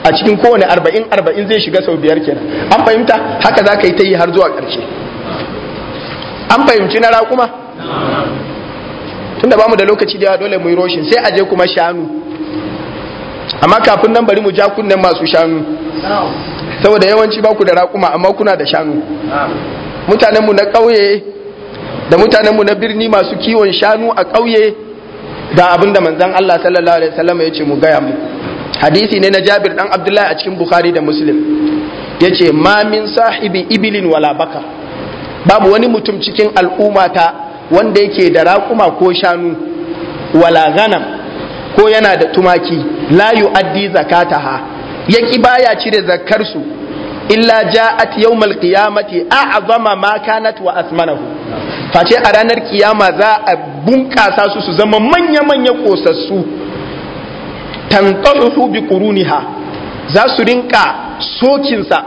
a cikin kowane arba'in arba'in zai shiga sau biyar kenan an fahimta haka za ka yi ta yi har zuwa ƙarshe an fahimci na raƙuma tunda ba mu da lokaci da dole mu yi roshin sai aje kuma shanu amma kafin nan bari mu ja kunnen masu shanu saboda yawanci ba ku da raƙuma amma kuna da shanu mutanenmu na ƙauye da mutanenmu na birni masu kiwon shanu a ƙauye da abin da manzan Allah sallallahu alaihi wasallam ya ce mu gaya mu hadisi ne na Jabir dan Abdullahi a cikin Bukhari da Muslim yace ma min sahibi ibilin wala baka babu wani mutum cikin al'ummata wanda yake da raƙuma ko shanu wala ganam ko yana da tumaki la yu'addi zakataha ƙi baya cire zakar su illa ja'at yawmal qiyamati a'zama ma kanat wa asmanahu face a ranar kiyama za a bunƙasa su su zama manya-manya ƙosassu. tantaruhu bi quruniha za su rinka sokinsa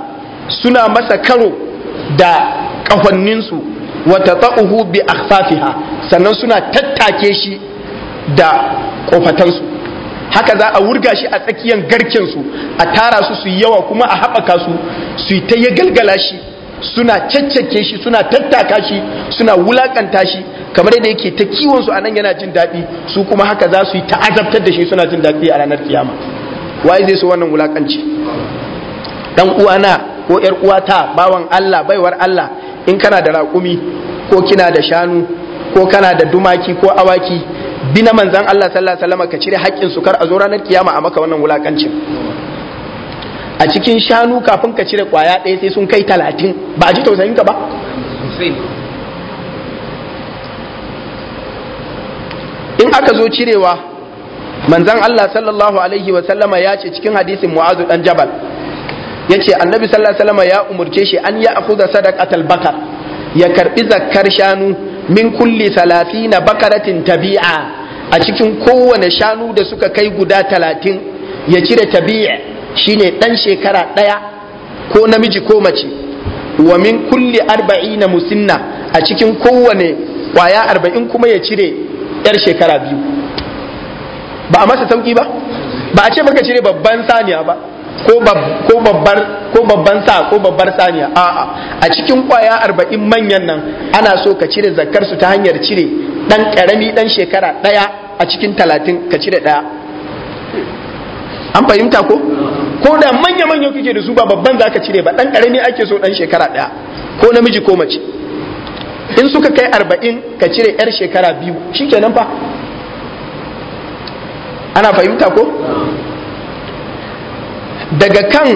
suna masa karo da kafanninsu wata ta'uhu bi akhfafiha sannan suna tattake shi da kofatansu haka za a wurga shi a tsakiyar su a tara su su yawa kuma a haɓaka su su yi ta ya galgala shi suna caccake shi suna tattaka shi suna wulakanta shi kamar yadda yake ta kiwon su anan yana jin daɗi su kuma haka za su yi ta azabtar da shi suna jin daɗi a ranar kiyama waye zai so wannan wulakanci dan uwana ko yar uwata bawan Allah baiwar Allah in kana da raƙumi ko kina da shanu ko kana da dumaki ko awaki bi na manzan Allah sallallahu alaihi wasallam ka cire haƙƙin su kar a zo ranar kiyama a maka wannan wulakancin a cikin shanu kafin ka cire kwaya ɗaya sai sun kai talatin ba a ji tausayin ka ba in aka zo cirewa manzan Allah sallallahu alaihi wasallama ya ce cikin hadisin mu'azu dan jabal ya ce annabi sallallahu alaihi ya umurce shi an ya da sadakatal bakar ya karbi zakkar shanu min kulli na bakaratin tabi'a a cikin kowane shanu da suka kai guda talatin ya cire tabi'a shine dan shekara daya ko namiji ko mace wa min kulli arba'ina musinna a cikin kowane kwaya arba'in kuma ya cire yar shekara biyu ba a masa sauki ba ba a ce baka cire babban saniya ba ko babban sa ko babbar saniya a'a a cikin kwaya arba'in manyan nan ana so ka cire zakar su ta hanyar cire dan karami dan shekara daya a cikin talatin ka cire daya an fahimta ko ko da manya manya kike da su ba babban zaka cire ba dan karami ake so dan shekara daya ko namiji ko mace in suka kai arba'in ka cire yar shekara biyu shikenan fa ana fahimta ko daga kan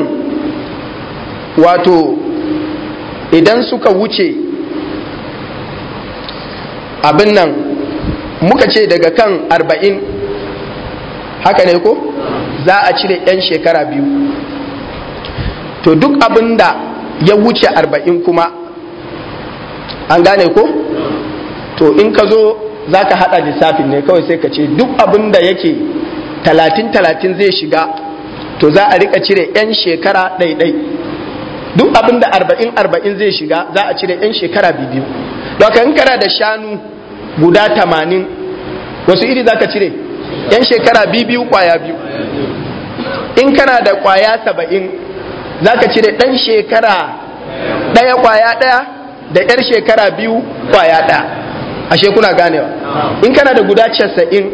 wato idan suka wuce abin nan muka ce daga kan arba'in haka ne ko za a cire 'yan shekara biyu to duk abin da ya wuce arba'in kuma an gane ko to in ka zo za ka haɗa lissafin ne kawai sai ka ce duk abin da yake talatin talatin zai shiga to za a rika cire 'yan shekara ɗaiɗai duk abin da arba'in arba'in zai shiga za a cire 'yan shekara biyu doka in kana da shanu guda tamanin wasu iri za ka cire 'yan shekara biyu kwaya biyu in kana da kwaya saba'in za ka cire ɗan shekara ɗaya kwaya ɗaya da 'yar shekara biyu kwaya ɗaya ashe kuna ganewa in kana da guda casa'in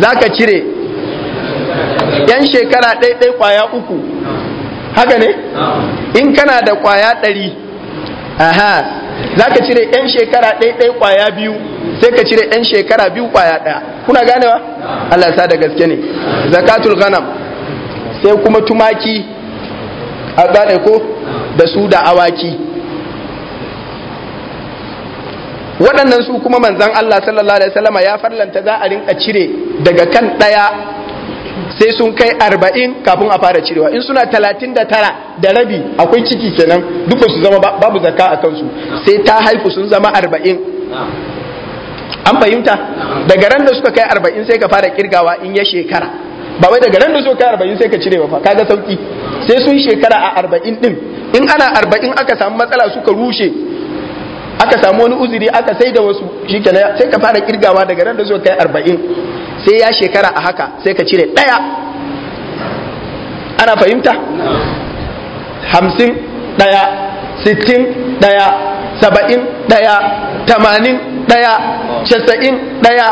za ka cire yan shekara ɗaiɗai kwaya uku haka ne in kana da kwaya ɗari aha za ka cire yan shekara ɗaiɗai kwaya biyu sai ka cire yan shekara biyu kwaya ɗaya kuna ganewa Allah sa da gaske ne zakatul ghanam sai kuma tumaki a ko da su da awaki waɗannan su kuma manzan Allah sallallahu alaihi wasallama ya farlanta za a rinka cire daga kan ɗaya sai sun kai arba'in kafin a fara cirewa in suna talatin da tara da rabi akwai ciki kenan duk su zama babu zakka a kansu sai ta haifu sun zama arba'in an fahimta daga ran da suka kai arba'in sai ka fara kirgawa in ya shekara ba wai daga ran da suka kai arba'in sai ka cire ba kaga sauki sai sun shekara a arba'in din in ana arba'in aka samu matsala suka rushe aka samu wani uzuri aka sai da wasu shikenan sai ka fara kirgawa daga nan da zuwa kai arba'in sai ya shekara a haka sai ka cire ɗaya ana fahimta hamsin ɗaya sittin ɗaya saba'in ɗaya tamanin ɗaya casa'in ɗaya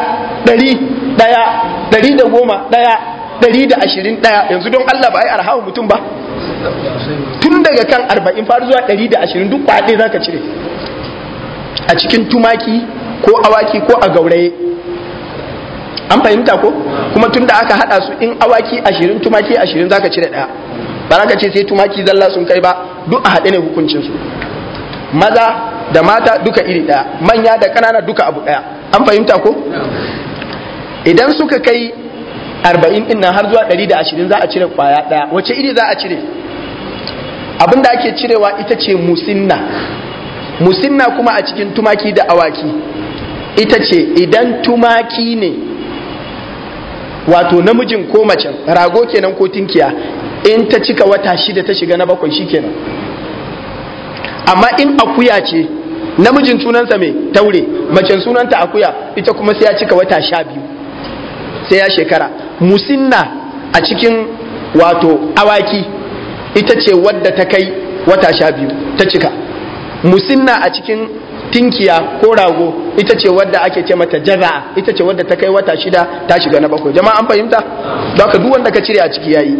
ɗari ɗaya ɗari da goma ɗaya ɗari da ashirin ɗaya yanzu don Allah ba a yi arhawa mutum ba tun daga kan arba'in faru zuwa ɗari da ashirin duk kwaɗe za ka cire a cikin tumaki ko awaki ko a gauraye an fahimta ko kuma tun da aka hada su in awaki ashirin tumaki ashirin zaka cire daya ba za ka ce sai tumaki zalla sun kai ba duk a haɗe ne hukuncin su maza da mata duka iri daya manya da ƙanana duka abu daya an fahimta ko idan suka kai arba'in din nan har zuwa ɗari da ashirin za a cire kwaya daya wace iri za a cire abin da ake cirewa ita ce musinna musinna kuma a cikin tumaki da awaki ita ce idan tumaki ne wato namijin ko mace rago kenan ko tinkiya in ta cika wata shida ta shiga na bakwai shi kenan amma in akuya ce namijin sunansa mai taure macen sunanta akuya ita kuma sai ya cika wata sha biyu sai ya shekara musinna a cikin wato awaki ita ce wadda ta kai wata sha biyu ta cika musinna a cikin tinkiya ko rago ita ce wadda ake ce mata jaza ita ce wadda ta kai wata shida ta shiga na bakwai jama'a an fahimta don ka duk wanda ka cire a ciki yayi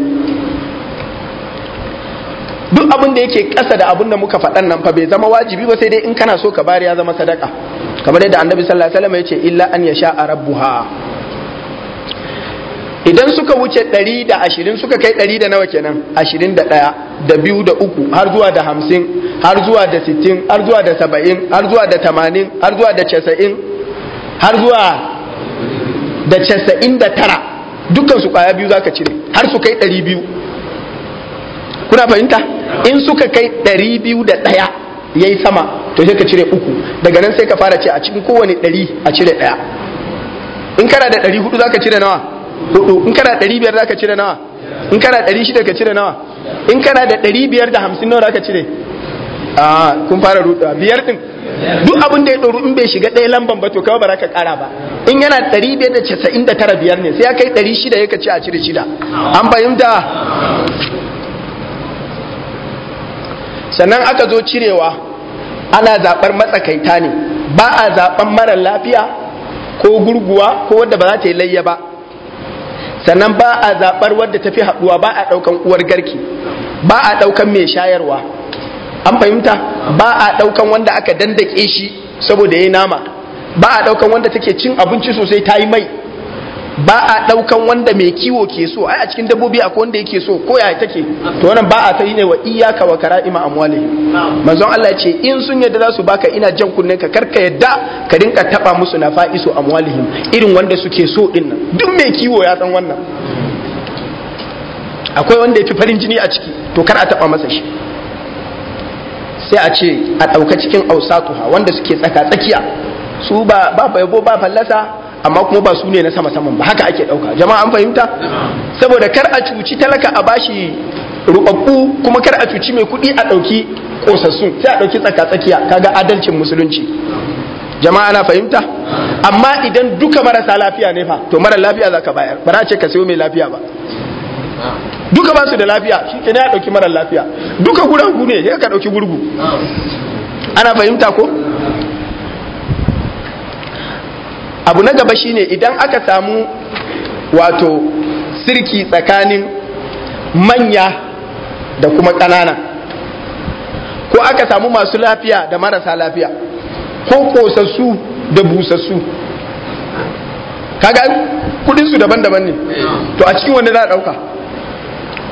duk abin da yake ƙasa da abin da muka faɗan nan fa bai zama wajibi ba sai dai in kana so ka bari ya zama sadaka kamar yadda annabi sallallahu alaihi wasallam ya ce illa an yasha rabbuha idan suka wuce ɗari da suka kai ɗari da nawa kenan ashirin da ɗaya da biyu har zuwa da hamsin har zuwa da sittin har zuwa da saba'in har zuwa da tamanin har zuwa da casa'in har zuwa da 99 tara dukkan su kwaya biyu za cire har su kai ɗari kuna fahimta in suka kai ɗari biyu da ɗaya ya sama to sai ka cire uku daga nan sai ka fara ce a cikin kowane ɗari a cire ɗaya in kana da ɗari zaka cire nawa hudu in kana ɗari biyar za ka cire nawa in kana ɗari shida ka cire nawa in kana da ɗari biyar da hamsin nawa za ka cire a kun fara ruɗa biyar ɗin duk abin da ya ɗoru in bai shiga ɗaya lamban ba to kawai ba za ka ƙara ba in yana ɗari biyar da casa'in da tara biyar ne sai ya kai ɗari shida ya ka ci a cire shida an fahimta sannan aka zo cirewa ana zaɓar matsakaita ne ba a zaɓen mara lafiya ko gurguwa ko wadda ba za ta yi layya ba sannan ba a zaɓar wadda ta fi haɗuwa ba a ɗaukan uwar garki ba a ɗaukan mai shayarwa an fahimta ba a ɗaukan wanda aka dandake shi saboda ya yi nama ba a ɗaukan wanda take cin abinci sosai ta yi mai ba a daukan wanda mai kiwo ke so ai a cikin dabbobi akwai wanda yake so ko ya take to wannan ba a ta ne wa iyaka wa kara'ima amwali manzon Allah ya ce in sun yadda za su baka ina jan kunnen ka karka yadda ka dinka taba musu na fa'isu amwalihim irin wanda suke so din nan duk mai kiwo ya san wannan akwai wanda ya fi farin jini a ciki to kar a taba masa shi sai a ce a ɗauka cikin ausatuha wanda suke tsaka tsakiya su ba ba yabo ba fallasa amma kuma ba su ne na sama saman ba haka ake ɗauka jama'a an fahimta saboda kar a cuci talaka a bashi rubabbu kuma kar a cuci mai kuɗi a ɗauki kosassu sai a ɗauki tsaka tsakiya kaga adalcin musulunci jama'a na fahimta amma idan duka marasa lafiya ne fa to mara lafiya za ka bayar ba ce ka sayo mai lafiya ba duka ba su da lafiya shi ke ne a ɗauki mara lafiya duka guragu ne ya ka ɗauki gurgu ana fahimta ko abu na gaba shine idan aka samu wato sirki tsakanin manya da kuma ƙanana ko aka samu masu lafiya da marasa lafiya ko kosassu da busassu kaga kudinsu daban-daban ne to a cikin wanda za a ɗauka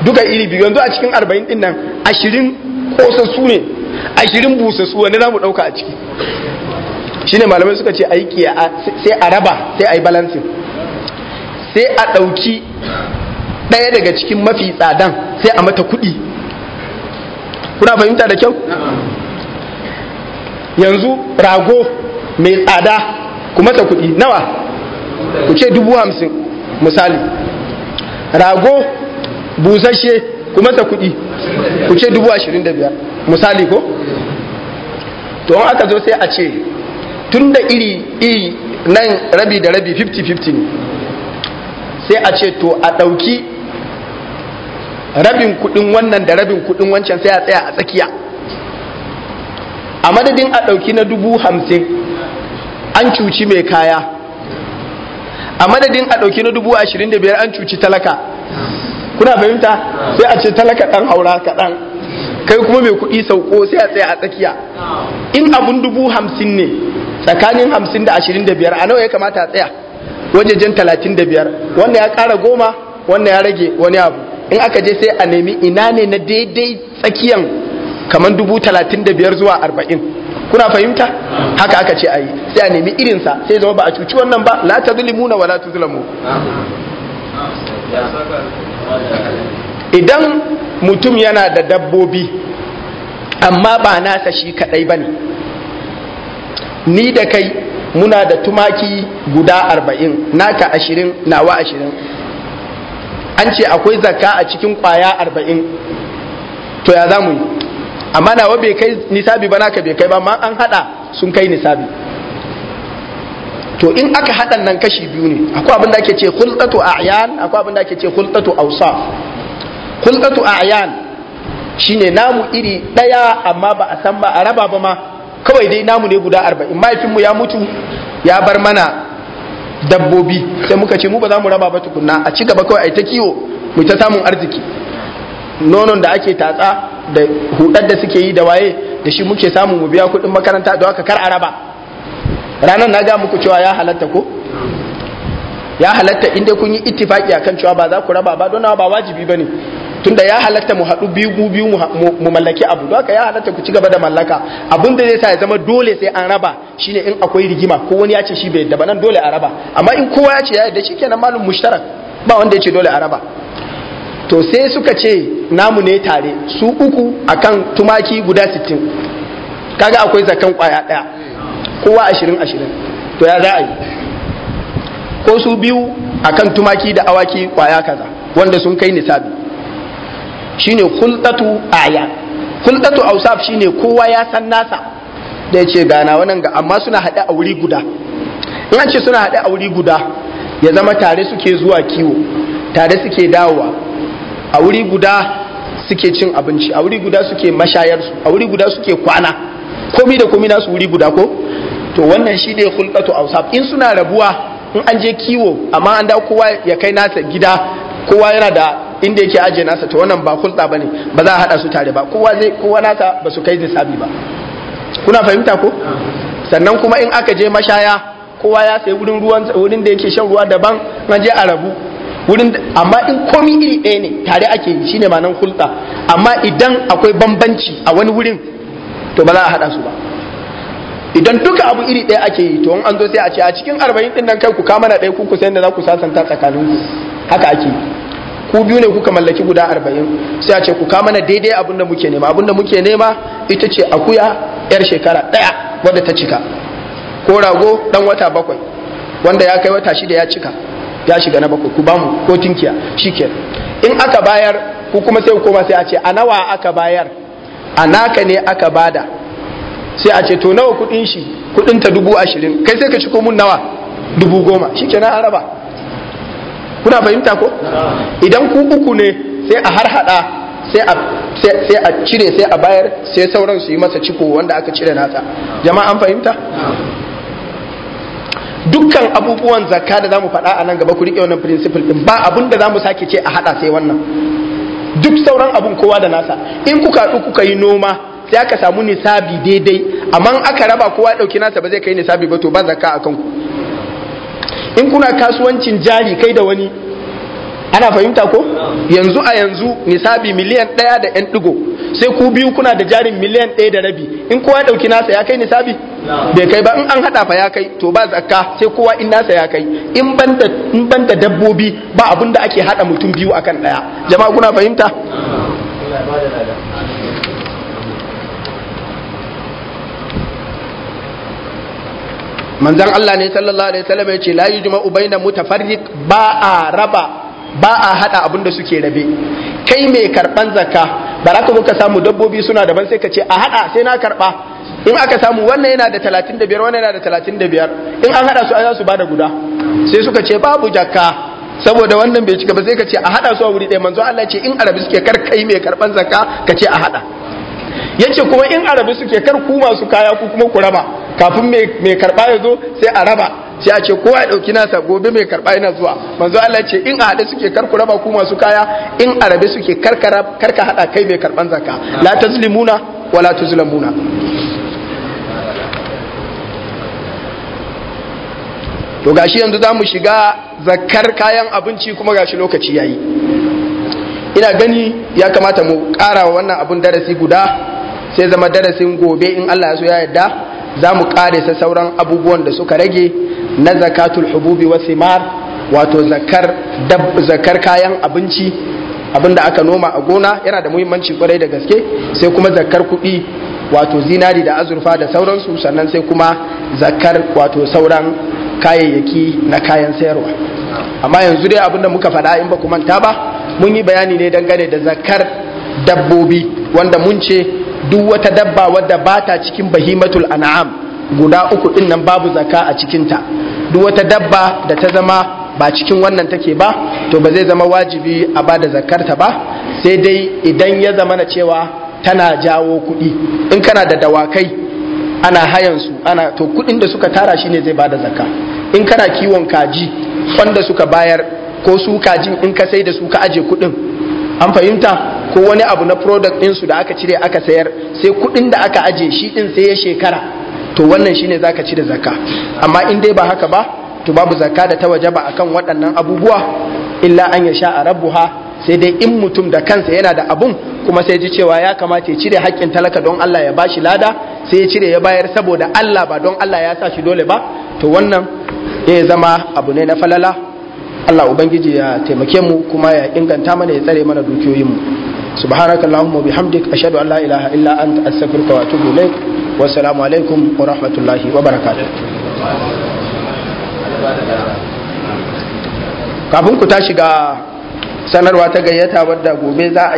duka iri biyu yanzu a cikin arba'in din nan ashirin kosassu ne ashirin busassu wanda za mu ɗauka a ciki shine malamai suka ce aiki sai a raba sai a yi balancing sai a ɗauki ɗaya daga cikin mafi tsadan sai a mata kuɗi kuna fahimta da kyau yanzu rago mai tsada ku mata kuɗi nawa ku ce dubu hamsin misali rago busasshe ku mata kuɗi ku ce dubu ashirin da biyar misali ko to aka zo sai a ce tun da iri iri nan rabi da rabi 50-50 ne sai a ce to a ɗauki rabin kudin wannan da rabin kudin wancan sai a tsaya a tsakiya a madadin a ɗauki na dubu hamsin an cuci mai kaya a madadin a ɗauki na dubu ashirin da biyar an cuci talaka kuna fahimta sai a ce talaka ɗan haura kaɗan kai kuma mai kuɗi sauko sai a tsaya a tsakiya in abun dubu hamsin ne tsakanin hamsin da ashirin a nawa ya kamata a tsaya wajejen talatin da biyar wanda ya kara goma wanda ya rage wani abu in aka je sai a nemi ina ne na daidai tsakiyan kamar dubu talatin zuwa arba'in kuna fahimta haka aka ce a yi sai a nemi irinsa sai zama ba a cuci wannan ba la ta zulimu na wala ta zulamu idan mutum yana da dabbobi amma ba nasa shi kadai ba ne ni da kai muna da tumaki guda arba'in naka ashirin nawa ashirin an ce akwai zakka a cikin kwaya arba'in to ya zamu yi amma nawa bai kai nisabi ba naka bai kai ba ma an hada sun kai nisabi to in aka haɗa nan kashi biyu ne akwai abin da ake ce hulɗatu a'yan akwai abin da ake ce hulɗatu awsaf hulɗatu a'yan shine namu iri ɗaya amma ba a san ba a raba ba ma kawai dai namu ne guda arba'in mahaifinmu ya mutu ya bar mana dabbobi sai muka ce mu ba za mu raba ba tukunna a ci gaba kawai a yi ta kiwo mu ta samun arziki nonon da ake tatsa da hudar da suke yi da waye da shi muke samun mu biya kuɗin makaranta da waka kar a raba ranar na ga muku cewa ya halatta ko ya halatta inda kun yi ittifaki akan cewa ba za ku raba ba don ba wajibi ba ne. tunda ya halatta mu haɗu biyu mu biyu mu mallaki abu don haka ya halatta ku ci gaba da mallaka abin da zai sa ya zama dole sai an raba shine in akwai rigima ko wani ya ce shi bai daba nan dole a raba amma in kowa ya ce ya yadda shikenan malum mushtarak ba wanda ya ce dole a raba to sai suka ce namu ne tare su uku akan tumaki guda 60 kaga akwai zakan kwaya daya kowa 20 20 to ya za a yi ko su biyu akan tumaki da awaki kwaya kaza wanda sun kai nisabi shine kuldatu aya kuldatu ausaf shine kowa ya san nasa da yace gana wannan ga amma suna hade a wuri guda in an ce suna hade a wuri guda ya zama tare suke zuwa kiwo tare suke dawowa a wuri guda suke cin abinci a wuri guda suke mashayar su a wuri guda suke kwana komi da komi nasu wuri guda ko to wannan shi ne hulɗatu ausaf in suna rabuwa in an je kiwo amma an dawo kowa ya kai nasa gida kowa yana da inda yake ajiye nasa to wannan ba hulɗa bane ba za a hada su tare ba kowa zai kowa nasa ba su kai nisabi ba kuna fahimta ko sannan kuma in aka je mashaya kowa ya sayi wurin ruwan wurin da yake shan ruwa daban an je a rabu wurin amma in komi iri ɗaya ne tare ake yi shine nan hulɗa amma idan akwai bambanci a wani wurin to ba za a hada su ba idan duka abu iri ɗaya ake yi to an zo sai a ce a cikin arba'in ɗin nan kai ku kama na ɗaya ku ku sayan za ku sasanta tsakaninku haka ake ku biyu ne kuka mallaki guda arba'in sai a ce ku kama na daidai abinda muke nema abinda muke nema ita ce akuya yar shekara ɗaya wadda ta cika ko rago ɗan wata bakwai wanda ya kai wata shida ya cika ya shiga na bakwai ku bamu ko tinkiya shike in aka bayar ku kuma sai ku koma sai a ce a nawa aka bayar a naka ne aka bada sai a ce to nawa kuɗin shi kuɗin ta dubu ashirin kai sai ka ciko mun nawa dubu goma ke na araba kuna fahimta ko idan ku uku ne sai a harhaɗa sai a sai a cire sai a bayar sai sauran su yi masa ciko wanda aka cire nasa jama'a an fahimta dukkan abubuwan zakka da zamu faɗa a nan gaba ku riƙe wannan principle din ba abin da zamu sake ce a haɗa sai wannan duk sauran abun kowa da nasa in kuka haɗu kuka yi noma sai aka samu nisabi daidai amma aka raba kowa ɗauki nasa ba zai kai nisabi ba to ba zakka a kanku in kuna kasuwancin jari kai da wani ana fahimta ko yanzu a yanzu nisabi miliyan ɗaya da yan ɗigo sai ku biyu kuna da jarin miliyan ɗaya da rabi in kowa ɗauki nasa ya kai nisabi bai kai ba in an haɗa fa ya kai to ba zakka sai kowa in nasa ya kai in ban da dabbobi ba abin da ake haɗa mutum biyu akan ɗaya jama'a kuna fahimta manzan Allah ne sallallahu alaihi wasallam ya ce la yujma ubaina mutafarriq ba a raba ba a hada abin da suke rabe kai mai karban zakka baraka muka samu dabbobi suna daban sai ka ce a hada sai na karba in aka samu wannan yana da 35 wannan yana da 35 in an hada su a za su bada guda sai suka ce babu jakka saboda wannan bai cika ba sai ka ce a hada su a wuri ɗaya manzo Allah ce in arabi suke kar kai mai karban zakka ka ce a hada yace kuma in arabi suke kar ku masu kaya ku kuma ku raba kafin mai karba ya zo sai a raba sai a ce kowa ya dauki nasa gobe mai karba yana zuwa manzo Allah ce in a suke kar ku raba ku masu kaya in arabi suke kar ka hada kai mai karban zakka la tazlimuna wala tuzlamuna to gashi yanzu zamu shiga zakkar kayan abinci kuma gashi lokaci yayi ina gani ya kamata mu ƙara wa wannan abun darasi guda sai zama darasin gobe in Allah ya so ya yarda za mu ƙare sa sauran abubuwan da suka rage na zakatul hububi wa simar wato zakar zakar kayan abinci abin da aka noma a gona yana da muhimmanci kwarai da gaske sai kuma zakar kuɗi wato zinari da azurfa da sauransu sannan sai kuma zakar wato sauran kayayyaki na kayan sayarwa amma yanzu dai abin da muka faɗa in ba ku manta ba mun yi bayani ne dangane da zakar dabbobi wanda mun ce duk wata dabba wadda ba ta cikin bahimatul an'am guda uku din nan babu zaka a cikin ta. duk wata dabba da ta zama ba cikin wannan take ba to ba zai zama wajibi a bada zakar ta ba sai dai idan ya zama na cewa tana jawo kuɗi in kana da dawakai ana hayansu ana to kuɗin da suka tara shine zai bada da zakka in kana kiwon kaji wanda suka bayar ko su kajin in ka sai da su ka aje kuɗin an fahimta ko wani abu na product din su da aka cire aka sayar sai kuɗin da aka aje shi din sai ya shekara to wannan shine za ka cire zakka amma in dai ba haka ba to babu zakka da ta waje ba akan waɗannan abubuwa illa an ya sha a rabbuha sai dai in mutum da kansa yana da abun kuma sai ji cewa ya kamata ya cire haƙƙin talaka don Allah ya bashi lada sai ya cire ya bayar saboda Allah ba don Allah ya sa shi dole ba to wannan ya eh, zama abu ne na falala Allah ubangiji ya taimake mu kuma ya inganta mana ya tsare mana dukiyoyinmu subhanaka allahumma bihamdik ashhadu an la ilaha illa anta astaghfiruka wa atubu ilaik wa assalamu alaikum wa rahmatullahi wa barakatuh kafin ku ta shiga sanarwa ta gayyata wadda gobe za a